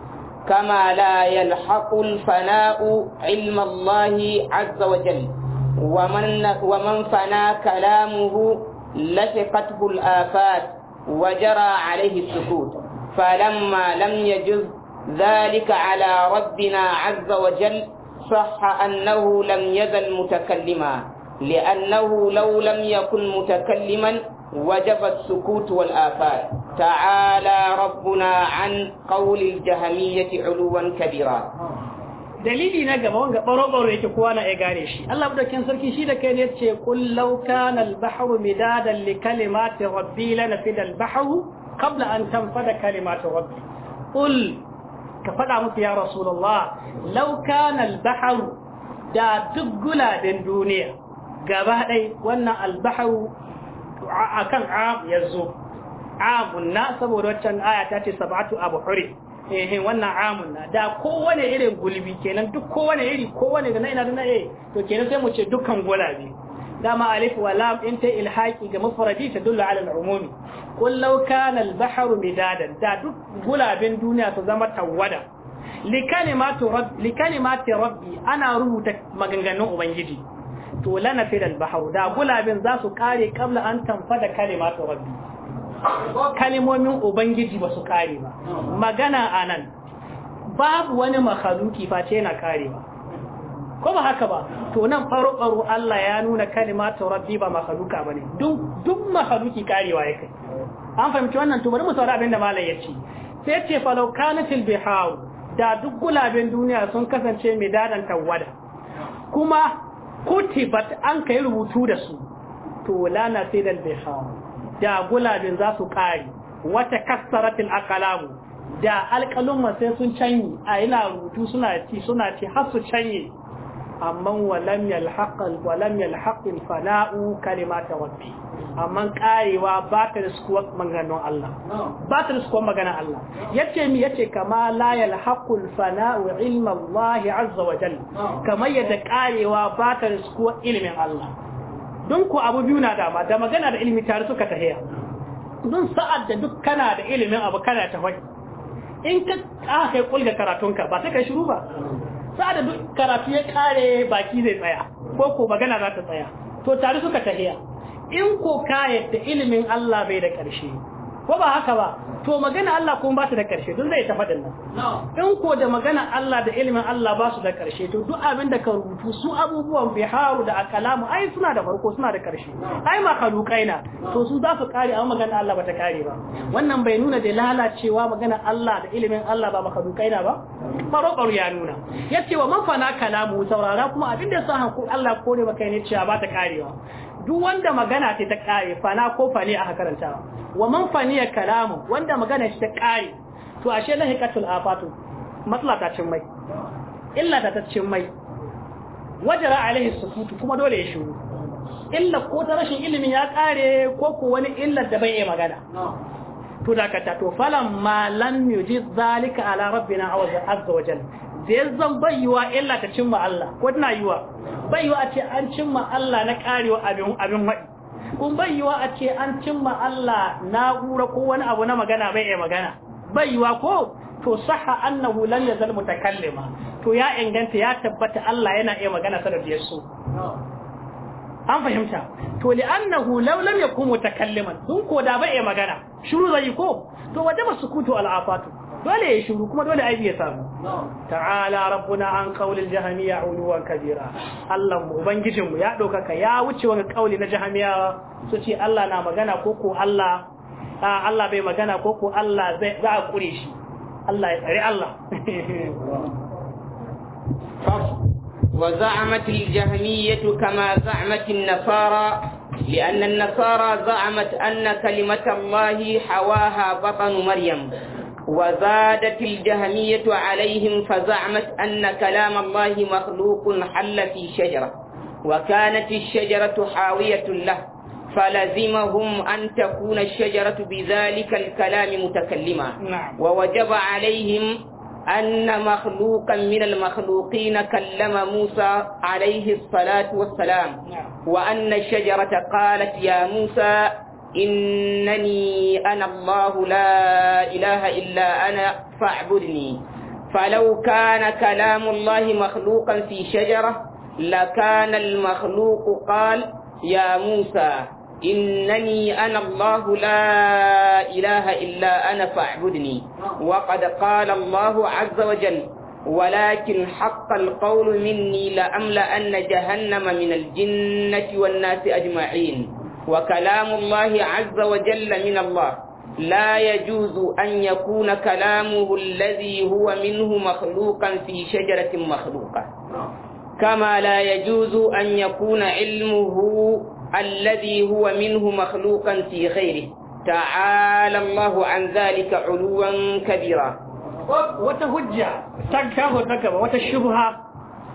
كما لا يلحق الفناء علم الله عز وجل ومن ومن فنى كلامه لفقته الآفات وجرى عليه السكوت فلما لم يجز ذلك على ربنا عز وجل صح أنه لم يزل متكلما لأنه لو لم يكن متكلما وجب السكوت والآفات تعالى ربنا عن قول الجهمية علوا كبيرا dalili na gaba wanga baro-baro yake kowa na ya shi Allah sarki shida da kai ne ce qul law kana al-bahru midadan li kalimati rabbi lanafida al-bahru qabla an tanfada kalimatu rabbi ka fada musu ya rasulullah law kana da duk guladen duniya gaba ɗai wannan albaharu a kan am ya zo amun saboda waccan aya ta ce sabatu abu huri ehe wannan amun da kowane irin gulbi kenan duk kowane iri kowane da na ina da na eh to kenan sai mu ce dukkan gulabe. dama alif wa lam in ta ilhaqi ga mufradi ta dulla ala al-umumi qul law kana al-bahru midadan da duk gulabin duniya su zama tawada li kalimati rabbi ana rubuta maganganun ubangiji to lana fi bahau da gulabin za su kare kabla an tamfa da kalimatu rabbi kalimomin ubangiji ba su kare ba magana anan babu wani makhaluki face na kare ba ko ba haka ba to nan faro faru Allah ya nuna kalimatu rabbi ba makhaluka bane duk duk makhaluki karewa yake an fahimci wannan to bari mu saurari abinda malam ya ce sai ce falau kanatil bihau da duk gulabin duniya sun kasance mai dadan tawada kuma kutibat an kai rubutu da su to lana sai bai samu da gulabin za su kare wata kasaratil akalamu da alƙalumma sai sun canyi a yana rubutu suna ci suna ci har su canye amma walam yalhaq walam yalhaq fana'u kalimata rabbi amma karewa ba ta riskuwa maganar Allah ba ta riskuwa maganar Allah yace mi yace kama la yalhaqul fana'u ilma Allah azza wa jalla kamar yadda karewa ba ta riskuwa ilmin Allah don ku abu biyu na dama da magana da ilmi tare suka tahiya don sa'ad da duk kana da ilimin abu kana ta faɗi in ka aka kulga karatunka ba ta kai shiru ba sa'ada duk karatu ya kare baki zai tsaya ko ko magana za ta tsaya to tare suka tahiya in ko ka yadda ilimin Allah bai da ƙarshe ko ba haka ba to magana Allah kuma ba su da karshe duk zai tafi nan in ko da magana Allah da ilimin Allah ba su da karshe to duk abin da ka rubutu su abubuwan biharu da akalamu ai suna da farko suna da karshe ai makalukai na to su za su kare amma magana Allah ba ta kare ba wannan bai nuna da lalacewa magana Allah da ilimin Allah ba makalukai na ba barobar ya nuna yace wa man fana kalamu saurara kuma abin da sa Allah kore maka ne cewa ba ta karewa duk wanda magana ce ta kare fana ko fani a karanta wa man fani ya kalamu wanda magana ce ta kare to ashe lahi katul afatu matsala ta cin mai illa ta cin mai wajara alaihi sukutu kuma dole ya shiru illa ko ta rashin ilimin ya kare ko ko wani illar da bai yi magana to da ka ta to falan ma lam yuji zalika ala rabbina azza wajalla da ya zan bayyuwa illa ta cimma Allah ko tana yiwa bayyuwa a ce an cimma Allah na karewa abin abin wadi kun bayyuwa a ce an cimma Allah na'ura ko wani abu na magana bai iya magana bayyuwa ko to saha annahu lan yazal mutakallima to ya inganta ya tabbata Allah yana iya magana sanar da yaso an fahimta to annahu law lam yakun mutakalliman dun ko da bai iya magana shiru zai ko to wajaba sukutu al'afatu dole ya shiru kuma dole aibi ya samu ta'ala rabbuna an qawlil jahmiya uluwan kabira Allah mu ubangijin ya daukaka ya wuce wani kauli na jahmiya su ce Allah na magana ko Allah Allah bai magana ko Allah zai za a kure shi Allah ya tsare Allah وزعمت الجهمية كما nasara النصارى لأن النصارى زعمت أن كلمة الله حواها بطن maryam. وزادت الجهمية عليهم فزعمت أن كلام الله مخلوق حل في شجرة وكانت الشجرة حاوية له فلزمهم أن تكون الشجرة بذلك الكلام متكلما نعم. ووجب عليهم أن مخلوقا من المخلوقين كلم موسى عليه الصلاة والسلام نعم. وأن الشجرة قالت يا موسى إنني أنا الله لا إله إلا أنا فاعبدني فلو كان كلام الله مخلوقا في شجرة لكان المخلوق قال يا موسى إنني أنا الله لا إله إلا أنا فاعبدني وقد قال الله عز وجل ولكن حق القول مني لأملأن جهنم من الجنة والناس أجمعين وكلام الله عز وجل من الله لا يجوز أن يكون كلامه الذي هو منه مخلوقا في شجرة مخلوقة كما لا يجوز أن يكون علمه الذي هو منه مخلوقا في غيره تعالى الله عن ذلك علوا كبيرا وتهجة تكه تكه وتشبها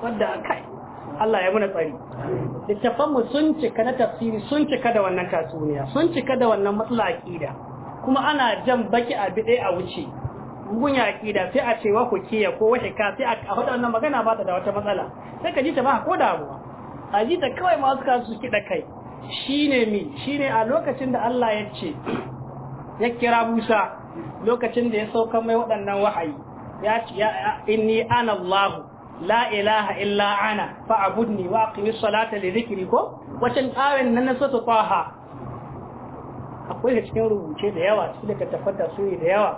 ودى Allah ya muna tsari littafanmu sun cika na tafsiri sun cika da wannan tatsuniya sun cika da wannan matsala a ƙida kuma ana jan baki a bide a wuce mugun ya ƙida sai a cewa ku kiya ko wace ka sai a faɗa wannan magana ba ta da wata matsala sai ka ji ta ba ko damuwa a ji ta kawai masu kasu kiɗa kai shi shine mi ne a lokacin da Allah ya ce ya kira Musa lokacin da ya sauka mai waɗannan wahayi ya ce inni ana Allah la ilaha illa ana fa'abudni wa aqimis salata li dhikri ko wacan ayan nan na akwai da cikin rubuce da yawa su daga tafadda su da yawa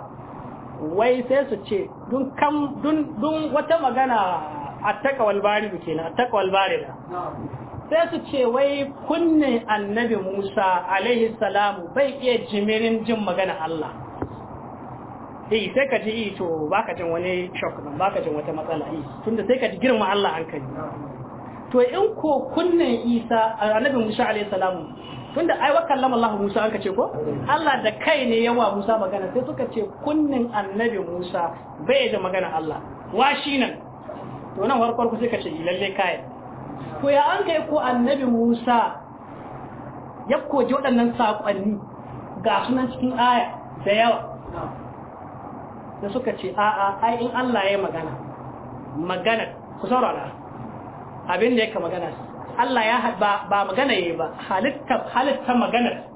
wai sai su ce dun kam dun dun wata magana na, a kenan walbari na. sai su ce wai kunne annabi Musa alaihi salamu bai iya jimirin jin magana Allah eh sai ka ji to baka jin wani shock ba baka jin wata matsala eh tunda sai ka ji girman Allah an kai to in ko kunnen Isa annabi Musa alaihi salamu tunda ai wa kallama Allah Musa an kace ko Allah da kai ne yawa Musa magana sai suka ce kunnen annabi Musa bai da magana Allah wa shi nan to nan har farko sai ka ce lalle kai to ya an kai ko annabi Musa ya koji waɗannan sakonni ga sunan cikin aya da yawa da suka ce a'a ai in Allah ya magana magana ku saurara abin da yake magana Allah ya ba ba magana yayi ba halitta halitta magana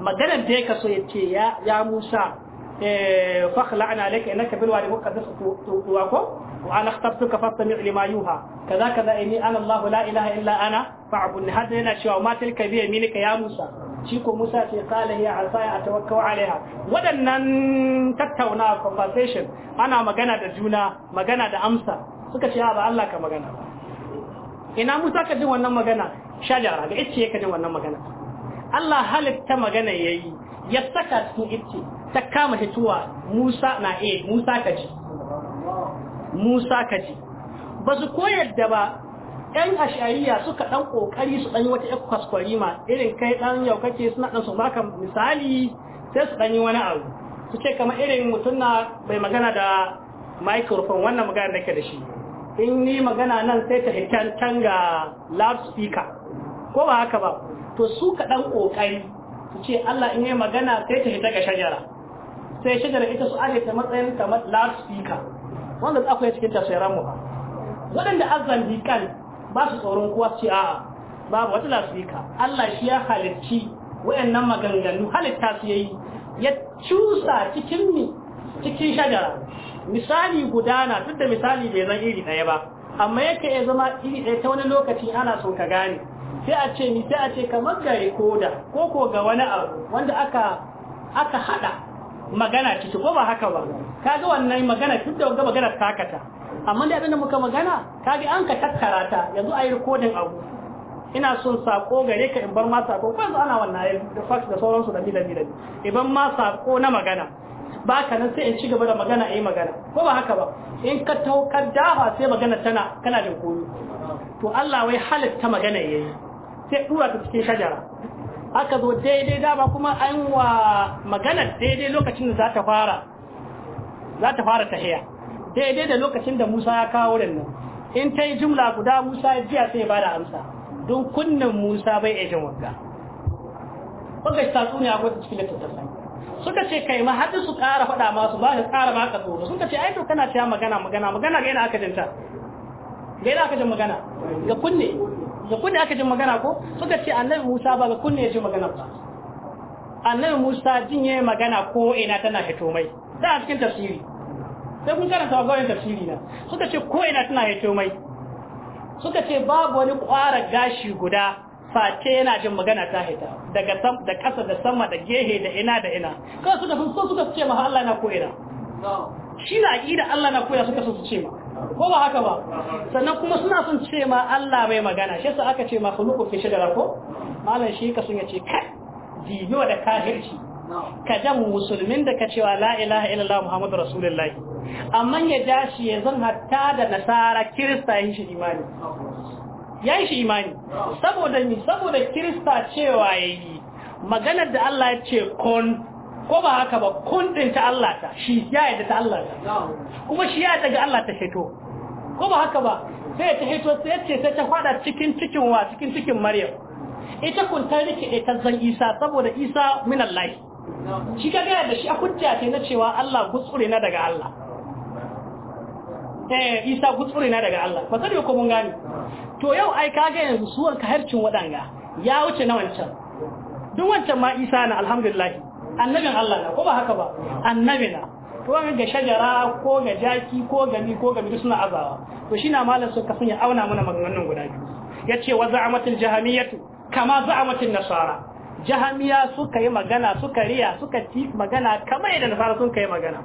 magana da yake so yace ya ya Musa eh fakhla ana laka innaka bil wadi muqaddas tuwa ko wa ana khtabtuka fastami' lima yuha kaza kaza inni ana Allah la ilaha illa ana fa'budni hadda yana cewa ma tilka bi yaminika ya Musa shi ko Musa ce qala a asaya atawakkau alaiha waɗannan tattauna conversation ana magana da juna magana da amsa suka ce ba Allah ka magana ina Musa ka ji wannan magana shajara ga ice ka ji wannan magana Allah halitta magana yayi ya saka cikin ice ta kama hituwa Musa na eh Musa ka ji Musa ka ji ba su koyar da ba Ƴan ashariya suka ɗan ƙoƙari su yi wata yan kwaskwarima irin kai ɗan yau kake suna ɗan su baka misali sai su ɗan yi wani abu su ce kamar irin mutum na bai magana da microphone wannan magana nake da shi in ni magana nan sai ta hitan can ga loudspeaker ko ba haka ba to su ka ƙoƙari su ce Allah in yi magana sai ta hita ga shajara sai shajara ita su aje ta matsayin kamar loudspeaker wanda akwai cikin tasirin mu ba waɗanda azan dikan ba su tsoron kowa ce a'a babu wata lafika Allah shi ya halicci wayannan maganganu halitta su yayi ya cusa cikin mi cikin shagara misali gudana duk da misali bai zan iri ɗaya ba amma yake ya zama iri ɗaya ta wani lokaci ana so ka gane sai a ce ni sai a ce kamar ga koda ko ko ga wani abu wanda aka aka hada magana ciki ko ba haka ba kaga wannan magana duk da wanga magana takata amma da abinda muka magana kage an ka tattara ta yanzu ayi recording abu ina son sako gare ka in bar ma sako yanzu ana wannan ayi da fax da sauransu da bila bila idan ma sako na magana ba ka nan sai in ci gaba da magana ayi magana ko ba haka ba in ka taukar dafa sai magana tana kana da koyo to Allah wai halatta magana yayi sai dura ta cikin shajara aka zo daidai dama kuma an wa magana daidai lokacin da za ta fara za ta fara tahiya daidai da lokacin da Musa ya kawo nan in ta yi jumla guda Musa ya jiya sai ba da amsa don kunnen Musa bai iya jin wagga wagga shi tatsu a gwata cikin littattafai suka ce kai ma haɗu su ƙara faɗa masu ba su ƙara maka tsoro suka ce ai to kana cewa magana magana magana ga yana aka jinta ga yana aka jin magana ga kunne ga kunne aka jin magana ko suka ce annabi Musa ba ga kunne ya ji magana ba annabi Musa jin yayi magana ko ina tana fito mai da cikin tafsiri sai kun karanta bangaren tafsiri na suka ce ko ina tana ya mai suka ce babu wani kwara gashi guda face yana jin magana ta hita daga sam da kasa da sama da gehe da ina da ina kawai suka so suka ce ma Allah na koyira shi na aqida Allah na koyira suka so su ce ma ko ba haka ba sannan kuma suna son ce ma Allah mai magana shi yasa aka ce ma khuluqu fi shajara ko malam shi ka sun ya ce kai dibiwa da kafirci ka jan musulmin da ka cewa la ilaha illallah muhammadu rasulullahi amma ya ja shi ya zan hatta da nasara kirista ya yi shi imani ya yi shi imani saboda ni saboda kirista cewa ya yi maganar da Allah ya ce kun ko ba haka ba kun din ta Allah ta shi ya yadda ta Allah ta kuma shi ya daga Allah ta fito ko ba haka ba sai ta fito sai ce sai ta fada cikin cikin wa cikin cikin Maryam ita kun ta rike ta zan Isa saboda Isa minallahi shi ka gaya da shi a hujja ce na cewa Allah gutsure na daga Allah eh Isa gutsure na daga Allah ba sai ko mun gani to yau ai ka ga yanzu suwar ka harcin wadanga ya wuce na wancan duk wancan ma Isa na alhamdulillah annabin Allah na ko ba haka ba na to an ga shajara ko ga jaki ko ga ni ko ga suna azawa to shi na malam sun ya auna mana maganganun guda biyu yace wa za'amatul jahamiyatu kama za'amatul nasara jahamiya suka yi magana suka riya suka ci magana kamar yadda nasara sun kai magana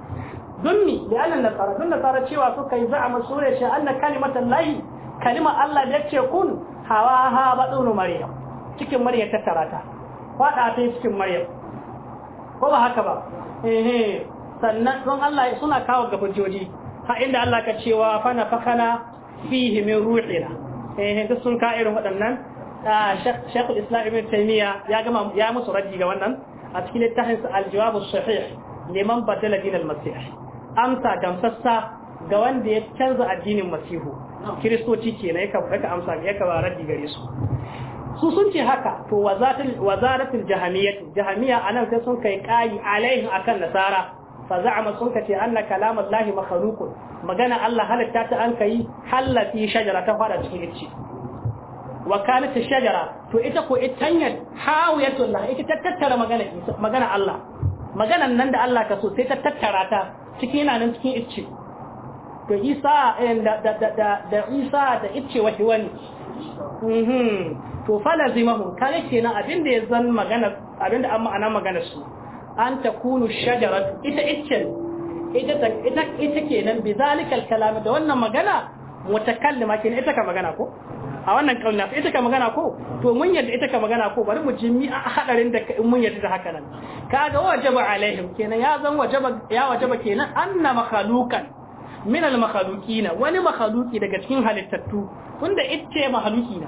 dummi da annan nasara dun nasara cewa suka yi za'ama sura shi anna kalimata lahi kalima Allah da ce kun hawa ha badunu maryam cikin maryam ta tarata fada ta cikin maryam ko ba haka ba eh sannan don Allah suna kawo gabajoji ha inda Allah ka cewa fa na fakana fihi min ruhina eh sun ka irin waɗannan Sheikh Islam Ibn Taymiyyah ya gama ya musu raddi ga wannan a cikin littafin sa Al-Jawab Sahih liman badala dinal masih amsa gamsassa ga wanda ya canza addinin masihu kiristoci kenan yaka yaka amsa yaka ba su su sun haka to wazatul wazaratul jahamiyyah jahamiyya anan sai sun kai kai alaihim akan nasara fa za'ama sun kace anna kalamallahi makhluqun magana Allah halatta ta an kai shajara ta fara cikin ici wa ta shajara to ita ko itanyar hawiyatul lah ita ta tattara magana magana Allah maganan nan da Allah ka so sai ta tattara ta cikin yana nan cikin icce to Isa eh, da da da da Isa da icce wa wani mhm to falazimahu kare kenan abinda ya zan magana abinda an ma'ana magana su an takunu shajarat ita iccen ita ita ita kenan bi zalikal kalam da wannan magana mutakallima kenan ita ka magana ko a wannan kauli na ita ka magana ko to mun yadda ita ka magana ko bari mu ji mi a hadarin da mun yadda da haka nan kaga wajaba alaihim kenan ya zan wajaba ya wajaba kenan anna makhluqan min al makhluqina wani makhluqi daga cikin halittattu tunda itce makhluqi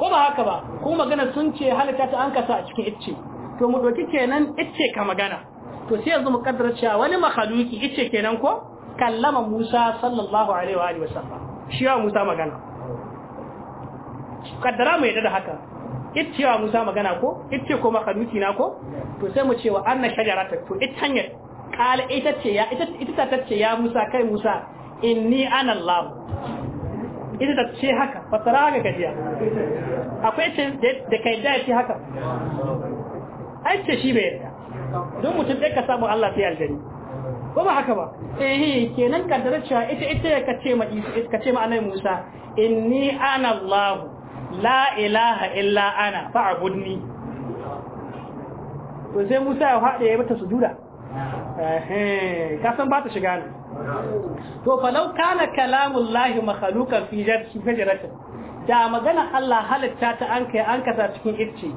ko ba haka ba ko magana sun ce halitta ta an kasa a cikin ita to mu doki kenan itce ka magana to sai yanzu mu kaddara cewa wani makhluqi itce kenan ko kallama Musa sallallahu alaihi wa alihi wasallam shi wa Musa magana kaddara mai da haka itcewa Musa magana ko itce ko makaduki na ko to sai mu cewa anna shajarata to ittanya qala ita ce ya ita ita ta ce ya Musa kai Musa inni ana Allah ita ta ce haka fasara ka jiya akwai ce da kai da ce haka ai ce shi bai da don mutum ɗaya ka samu Allah sai aljani ko ba haka ba eh kenan kaddara cewa ita ita ka ce ma Isa ka ce ma Annabi Musa inni ana Allah la ilaha illa ana fa'budni to sai Musa ya faɗa ya mata sujuda eh ka san ba ta shiga ne to falau kana kalamullahi makhluqan fi fajratin da magana Allah halitta ta an kai an kasa cikin icce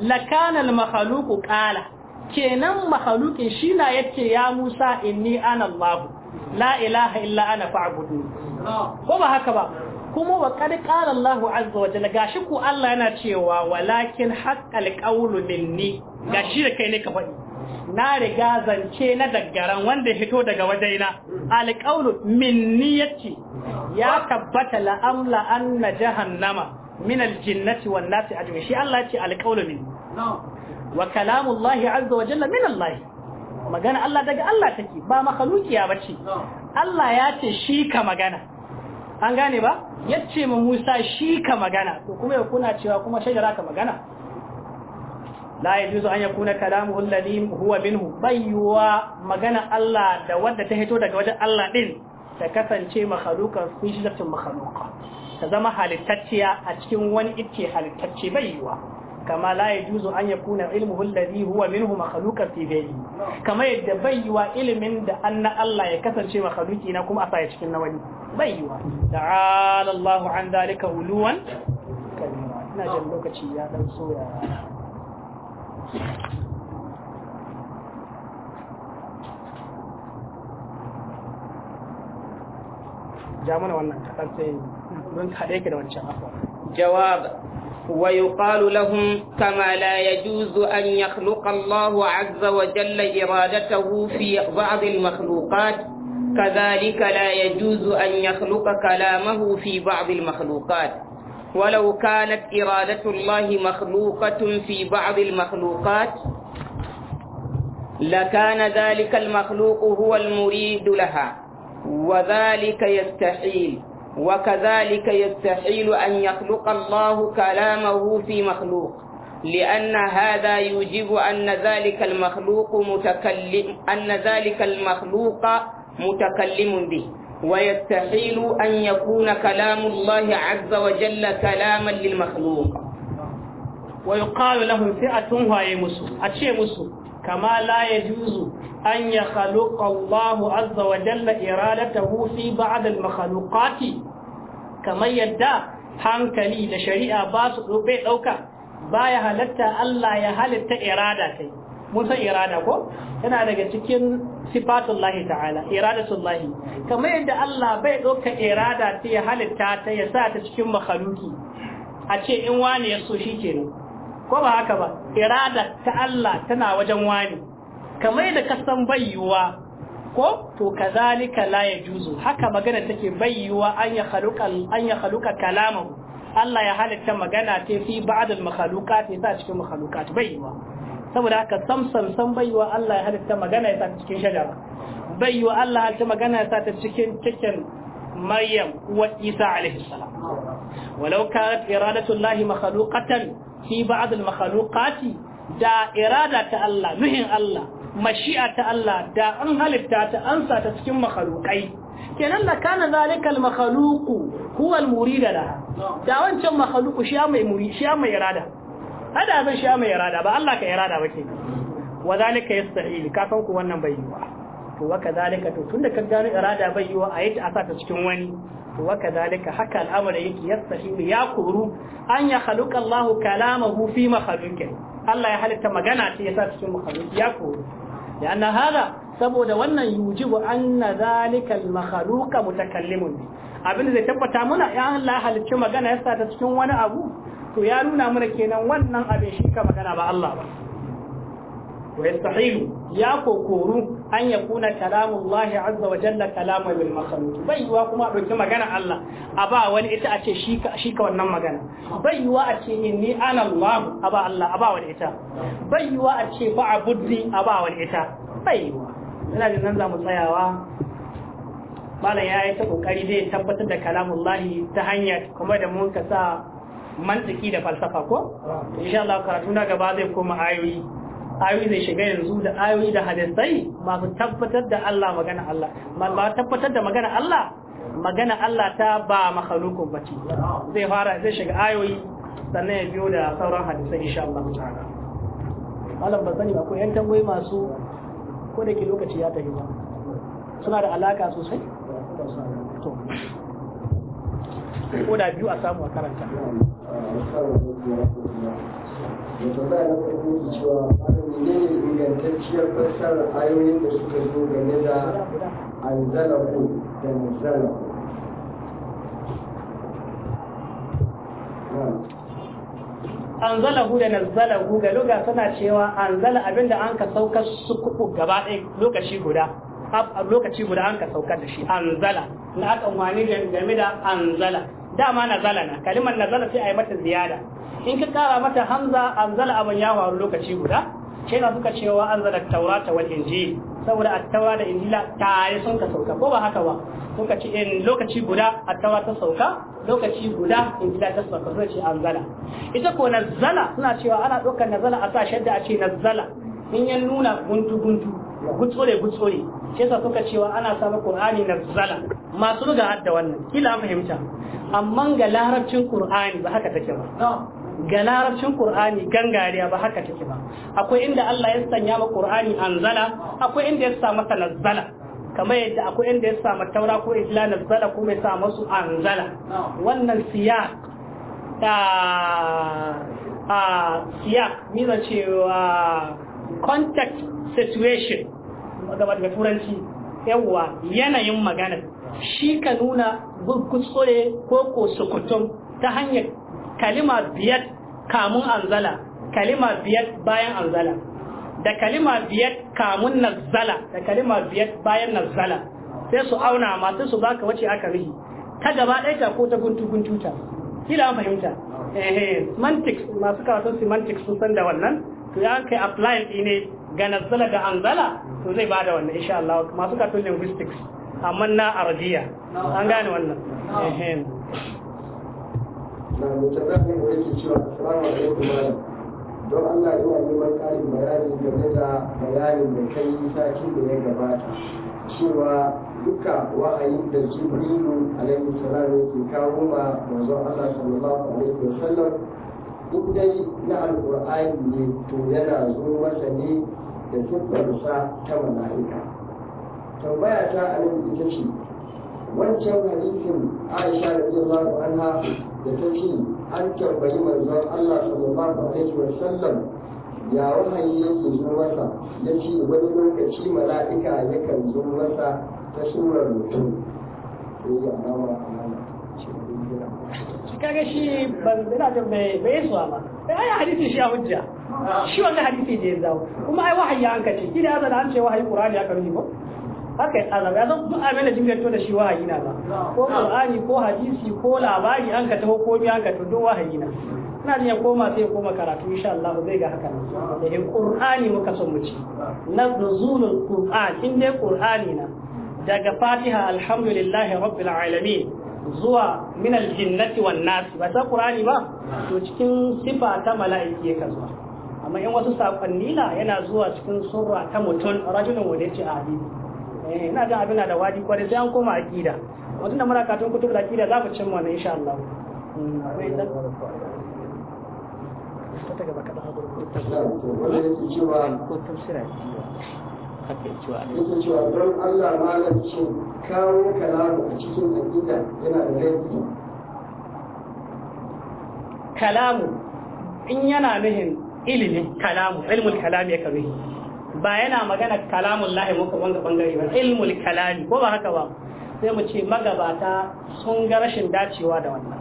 la kana al makhluqu qala kenan makhluqin shi na yace ya Musa inni ana Allah la ilaha illa ana fa'budni ko ba haka ba kuma wa qad qala Allah azza wa jalla gashi ku Allah yana cewa walakin haqqal qawlu minni gashi da kai ne ka faɗi na riga zance na daggaran wanda ya fito daga wajena Alƙawlu minni yace ya tabbata la'amla anna jahannama Min من الجنة والناس أجمعين شيء alƙawlu يأتي Wa منه وكلام الله عز وجل min الله magana Allah daga Allah take ba makhluki ya bace Allah ya ce shi ka magana an gane ba yace ma Musa shi ka magana to kuma ya kuna cewa kuma shajara ka magana la yajuzu an yakuna kalamuhu alladhi huwa minhu bayyuwa magana Allah da wadda ta hito daga wajen Allah din ta kasance makhluqa fi shidatin makhluqa ta zama halittacciya a cikin wani itce halittacce bayyuwa kama la yajuzu an yakuna ilmuhu alladhi huwa minhu makhluqan fi ghayri kama yadda bayyuwa ilimin da anna Allah ya kasance makhluqi na kuma a sa cikin na wani baiwa ta'ala Allah an zalika uluwan kabira ina jin lokaci ya dan soya ja mana wannan kadan sai mun kade ki da wancan afa jawab ويقال لهم كما لا يجوز أن يخلق الله عز وجل إرادته في بعض المخلوقات كذلك لا يجوز أن يخلق كلامه في بعض المخلوقات ولو كانت إرادة الله مخلوقة في بعض المخلوقات لكان ذلك المخلوق هو المريد لها وذلك يستحيل وكذلك يستحيل أن يخلق الله كلامه في مخلوق لأن هذا يوجب أن ذلك المخلوق متكلم أن ذلك المخلوق متكلم به ويستحيل أن يكون كلام الله عز وجل كلاما للمخلوق ويقال لهم فئة هاي مسو أتشي مسو كما لا يجوز أن يخلق الله عز وجل إرادته في بعض المخلوقات كما يدى hankali da shari'a ba su ɗauka baya halatta Allah ya halitta irada kai mun san irada ko yana daga cikin sifatullahi ta'ala iradatullahi kamar yadda Allah bai doka irada ta ya halitta ta ya sa ta cikin makhluki a ce in wani ya so shikenan ko ba haka ba irada ta Allah tana wajen wani kamar yadda ka san bayyuwa ko to kazalika la yajuzu haka magana take bayyuwa an ya khaluqa an ya khaluqa kalamahu Allah ya halitta magana ta fi ba'd al-makhluqat ya sa cikin makhluqat bayyuwa saboda haka sam san sam bai wa Allah ya halitta magana ya sa ta cikin shajara bai wa Allah ya halitta magana ya sa ta cikin cikin Maryam wa Isa alaihi salam walau kanat iradatu Allah makhluqatan fi ba'd al makhluqati da irada ta Allah nuhin Allah mashi'a ta Allah da an halitta ta an sa ta cikin makhluqai kenan da kana zalika al-makhluqu huwa al-murid da wancan makhluqu shi mai muri shi mai irada hada abin shi mai irada ba Allah ka irada ba ke wa zalika yasta'il ka san ku wannan bai yi wa to wa kadhalika to tunda ka gano irada bai yi wa ayi ta asa ta cikin wani to wa kadhalika haka al'amari yake yasta'il ya kuru an ya khaluqa Allahu kalamahu fi makhluqin Allah ya halitta magana ta yasa cikin makhluq ya kuru ya anna hada saboda wannan yujibu anna zalika al-makhluqa mutakallimun abin da zai tabbata muna ya Allah halicci magana yasa ta cikin wani abu to ya nuna mana kenan wannan abin shi ka magana ba Allah ba wa yastahilu ya kokoru an ya kuna kalamullah azza wa jalla kalamu bil makhluq bai yiwa kuma dauki magana Allah a ba wani ita a ce shi ka shi ka wannan magana bai yiwa a ce inni ana Allah a ba Allah a ba wani ita bai yiwa a ce fa abuddi a ba wani ita bai yiwa ina jin nan za mu tsayawa malam ya yi ta kokari zai tabbatar da Lahi ta hanya kuma da mun ka sa mantiki da falsafa ko insha Allah karatu na gaba zai koma ayoyi ayoyi zai shiga yanzu da ayoyi da hadisai masu tabbatar da Allah magana Allah ba tabbatar da magana Allah magana Allah ta ba makhlukun bace zai fara zai shiga ayoyi sannan ya biyo da sauran hadisai insha Allah Allah ba sani ko yan tangoyi masu ko da ke lokaci ya tafi suna da alaka sosai ko da biyu a samu a karanta ingantacciyar fassarar ayoyin da suka zo game da anzalahu da nazalahu anzalahu da nazzalahu ga luga tana cewa anzala abinda an ka saukar su kuɓu gaba ɗaya lokaci guda a lokaci guda an ka saukar da shi anzala na aka wani game da anzala dama nazala na kalimar nazala sai a yi mata ziyada in ka kara mata hamza anzala abin ya faru lokaci guda sai na suka cewa anzala taurata wal injil saboda taura da injila tare sun ka sauka ko ba haka ba suka ka ce in eh, lokaci guda attaura ta sauka lokaci guda injila ta sauka sun ce anzala ita ko nazala suna cewa ana ɗaukar nazala a sa shadda a ce nazala in ya nuna guntu guntu gutsure gutsure shi yasa suka cewa ana samun qur'ani zala. masu ruga hadda wannan kila fahimta amma ga larabcin qur'ani ba haka take ba ga larabcin Qur'ani gangariya ba haka take ba akwai inda Allah ya sanya ma Qur'ani anzala akwai inda ya sa masa nazala kamar yadda akwai inda ya sa ma taura ko isla nazala ko mai sa masu anzala wannan siya ta a siya cewa contact situation daga turanci yawwa yanayin magana shi ka nuna kuskure ko ko sukutum ta hanyar kalima biyar kamun anzala kalima biyar bayan anzala da kalima biyar kamun nazala da kalima biyar bayan nazala, sai su auna ma sai su baka wace aka rihi ta gaba ɗaya ta ko ta guntu guntuta kila fahimta eh eh semantics masu kawasan semantics sun san da wannan to ya kai applying ne ga nazala da anzala to zai bada wannan insha Allah masu katon linguistics amma na arabiya an gane wannan ehem na mutane ne yake cewa assalamu alaikum don Allah yi neman ƙarin bayani game da bayanin da kai sati da ya gabata cewa duka wa'ayin da Jibrilu alaihi salam yake kawo ma manzon Allah sallallahu alaihi wasallam duk dai na alkur'ani ne to yana zo masa ne da tuffarsa ta mala'ika tambaya ta anan ita ce wancan hadisin aisha da zai anha da ta ce an tambayi manzon allah sallallahu alaihi wa sallam ya wahayi yake zo masa ya ce wani lokaci mala'ika yakan zo masa ta surar mutum. Sai ya kage shi ban ina jin bai bai suwa ba eh ai hadisi shi a hujja shi wannan hadisi da ya zawo kuma ai wahayi an kace kida ya zana an ce wahayi qur'ani aka rubuta haka ya tsara ya zo duk abin da jinga to da shi wahayi na ba ko qur'ani ko hadisi ko labari an ka taho ko mi an ka to duk wahayi na ina jin ya koma sai ya koma karatu insha Allah zai ga haka da in qur'ani muka son mu ci na nuzulul qur'an in dai qur'ani na daga fatiha alhamdulillahi rabbil alamin zuwa min aljinnati wan nas ba ta qur'ani ba to cikin sifa ta mala'iki yake zuwa amma in wasu sakonni na yana zuwa cikin surra ta mutum rajulun wanda yace abi eh ina ga abin da wadi kwarai sai an koma akida mutum da muna katon kutub da akida za mu cin mu insha Allah hmm, ta gaba ko tafsira haka ya cewa yake cewa don Allah malam kawo kalamu a cikin aqida yana da laifi kalamu in yana nuhin ilimi kalamu ilmul kalami ya kabe ba yana magana kalamun lahi muka wanga bangare ba ilmul kalami ko ba haka ba sai mu ce magabata sun ga rashin dacewa da wannan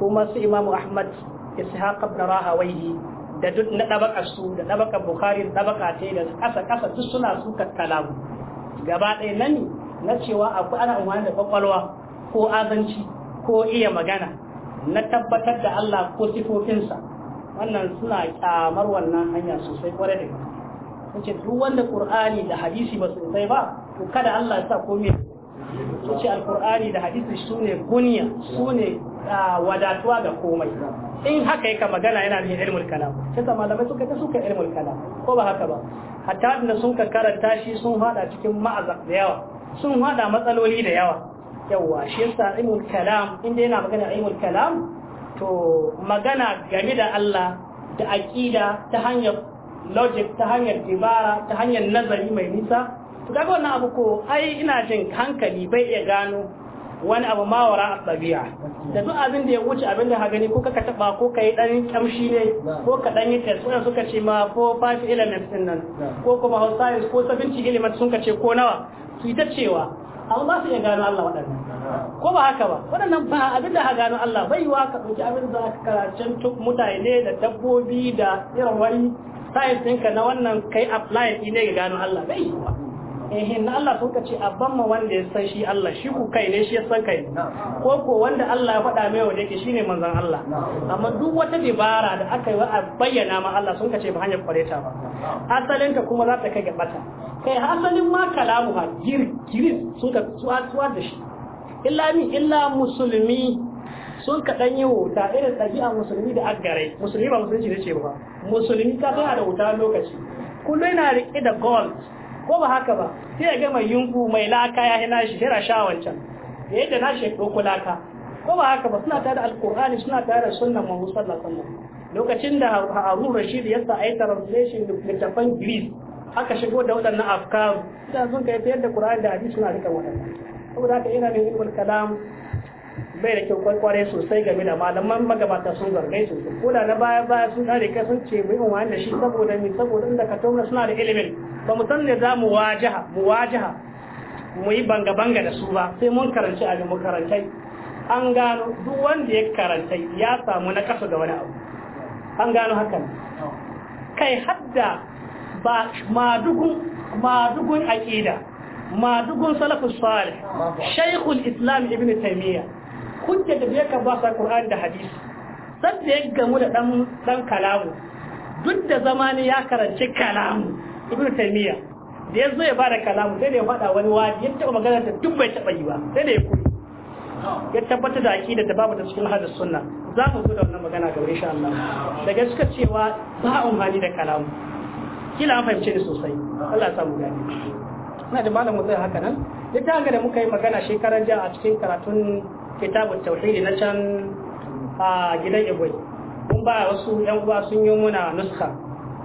kuma su imamu ahmad ishaq ibn rahawayhi da duk na ɗabaƙa su da ɗabaƙa bukari da ɗabaka ce da ƙasa ƙasa duk suna su suka kalamu gaba ɗaya nan na cewa akwai ana umarni da kwakwalwa ko azanci ko iya magana na tabbatar da Allah ko sifofinsa wannan suna kyamar wannan hanya sosai kwarai da gaske ce duk wanda Qur'ani da hadisi ba sosai ba to kada Allah ya sa komai sun ce alqur'ani da hadisi sune gunya sune wadatuwa da komai in haka yake magana yana da ilmul kalam sai ta malamai suka ta suka ilmul kalam ko ba haka ba hatta da sun ka karanta shi sun fada cikin ma'aza da yawa sun hada matsaloli da yawa yawa shi yasa ilmul kalam inda yana magana ilmul kalam to magana game da Allah da aqida ta hanyar logic ta hanyar dibara ta hanyar nazari mai nisa to kaga wannan abu ko ai ina jin hankali bai iya gano wani abu ma wara tabi'a da duk abin da ya wuce abin da gani ko ka taba ko kai dan kamshi ne ko ka dan yi test suna suka ce ma ko five elements din nan ko kuma house science ko elements sun ka ce ko nawa su ita cewa amma ba su iya gano Allah waɗannan ko ba haka ba waɗannan ba abin da ha gano Allah bai wa ka ɗauki abin da ka karacin mutane da dabbobi da irin wani science ɗinka na wannan kai apply ne ga gano Allah bai yi wa eh na Allah sun ka ce a ban ma wanda ya san shi Allah shi ku kai ne shi ya san kai ko ko wanda Allah ya faɗa mai wanda yake shine manzon Allah amma duk wata dabara da aka yi wa bayyana ma Allah sun ka ce ba hanyar kwareta ba asalin ka kuma za ta kai gabata kai asalin ma kalamu ha girgiri sun ka tsuwa tsuwa da shi illa ni illa musulmi sun ka dan yi wuta irin ɗabi'a musulmi da aggarai musulmi ba musulunci ne ce ba musulmi ka ba da wuta lokaci kullum yana riƙe da gold ko ba haka ba sai ga mai yunku mai laka ya hina shi hira sha wancan Ya yadda na shi ɗauko laka ko ba haka ba suna tare da alkur'ani suna tare da sunnan muhammad sallallahu alaihi lokacin da Harun Rashid ya sa ayi translation littafan Greece aka shigo da wadannan afkar da sun kai fiye da Qur'ani da hadisi suna rika waɗannan saboda haka ina da ilmul kalam bai da kyau kwakware sosai game da malaman magabata sun zargai sosai ko da na baya baya sun tsare kai sun ce mai umarni da shi saboda mai saboda inda ka tauna suna da ilimin ba mu san ne za mu wajaha mu wajaha mu yi banga-banga da su ba sai mun karanci a mu karantai an gano duk wanda ya karantai ya samu na kasa ga wani abu an gano hakan kai hadda ba madugun madugun aqida madugun salafus salih shaykhul islam ibn taymiya kunje da bai ka ba sa qur'an da hadisi sai da ya gamu da dan dan kalamu duk da zamani ya karanci kalamu ibn taymiya da yazo ya fara kalamu sai da ya fada wani wadi ya taba magana ta duk bai taba yi ba sai da ya koyi ya tabbata da aqida ta babu ta cikin hadis sunna za mu zo da wannan magana gaba insha Allah daga suka cewa ba amfani da kalamu kila an fahimce ni sosai Allah ya samu gani ina da malamu zai haka nan da ta da muka yi magana shekaran jiya a cikin karatun kitabun tauhidi na can a gidan igwe mun ba wasu yan uwa sun yi muna nuska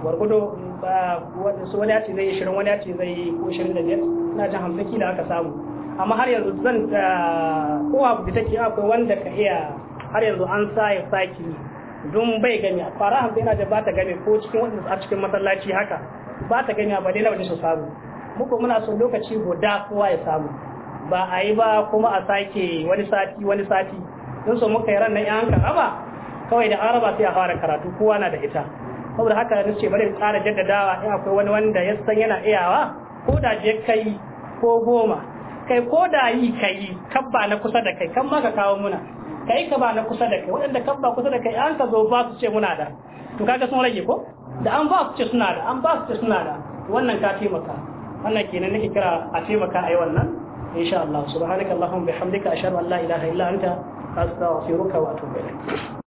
gwargwado ba wanda su wani yace zai yi shirin wani ce zai yi ko shirin da biyar ina jin hamsin kila aka samu amma har yanzu zan ta ah, ko abu da take akwai wanda ka iya har yanzu an sa ya saki don bai gami a fara hamsin yana da ba ta gami ko cikin wanda a cikin masallaci haka ba ta gami ba dai na wajen su samu muku muna son lokaci guda kowa ya samu ba a yi ba kuma a sake wani sati wani sati don so muka yi ran nan yan kan raba kawai da araba sai a fara karatu kowa na da ita saboda haka na ce bari tsara jaddadawa in akwai wani wanda ya san yana iyawa ko da je kai ko goma kai ko da yi kai kabba na kusa da kai kan ma ka kawo muna kai ka ba na kusa da kai waɗanda kabba kusa da kai an ka zo ba su ce muna da to kaga sun rage ko da an ba su ce suna da an ba su ce suna da wannan ka taimaka wannan kenan nake kira a taimaka a yi wannan insha Allah allahumma bihamdika ashhadu an la ilaha illa anta astaghfiruka wa atubu ilaik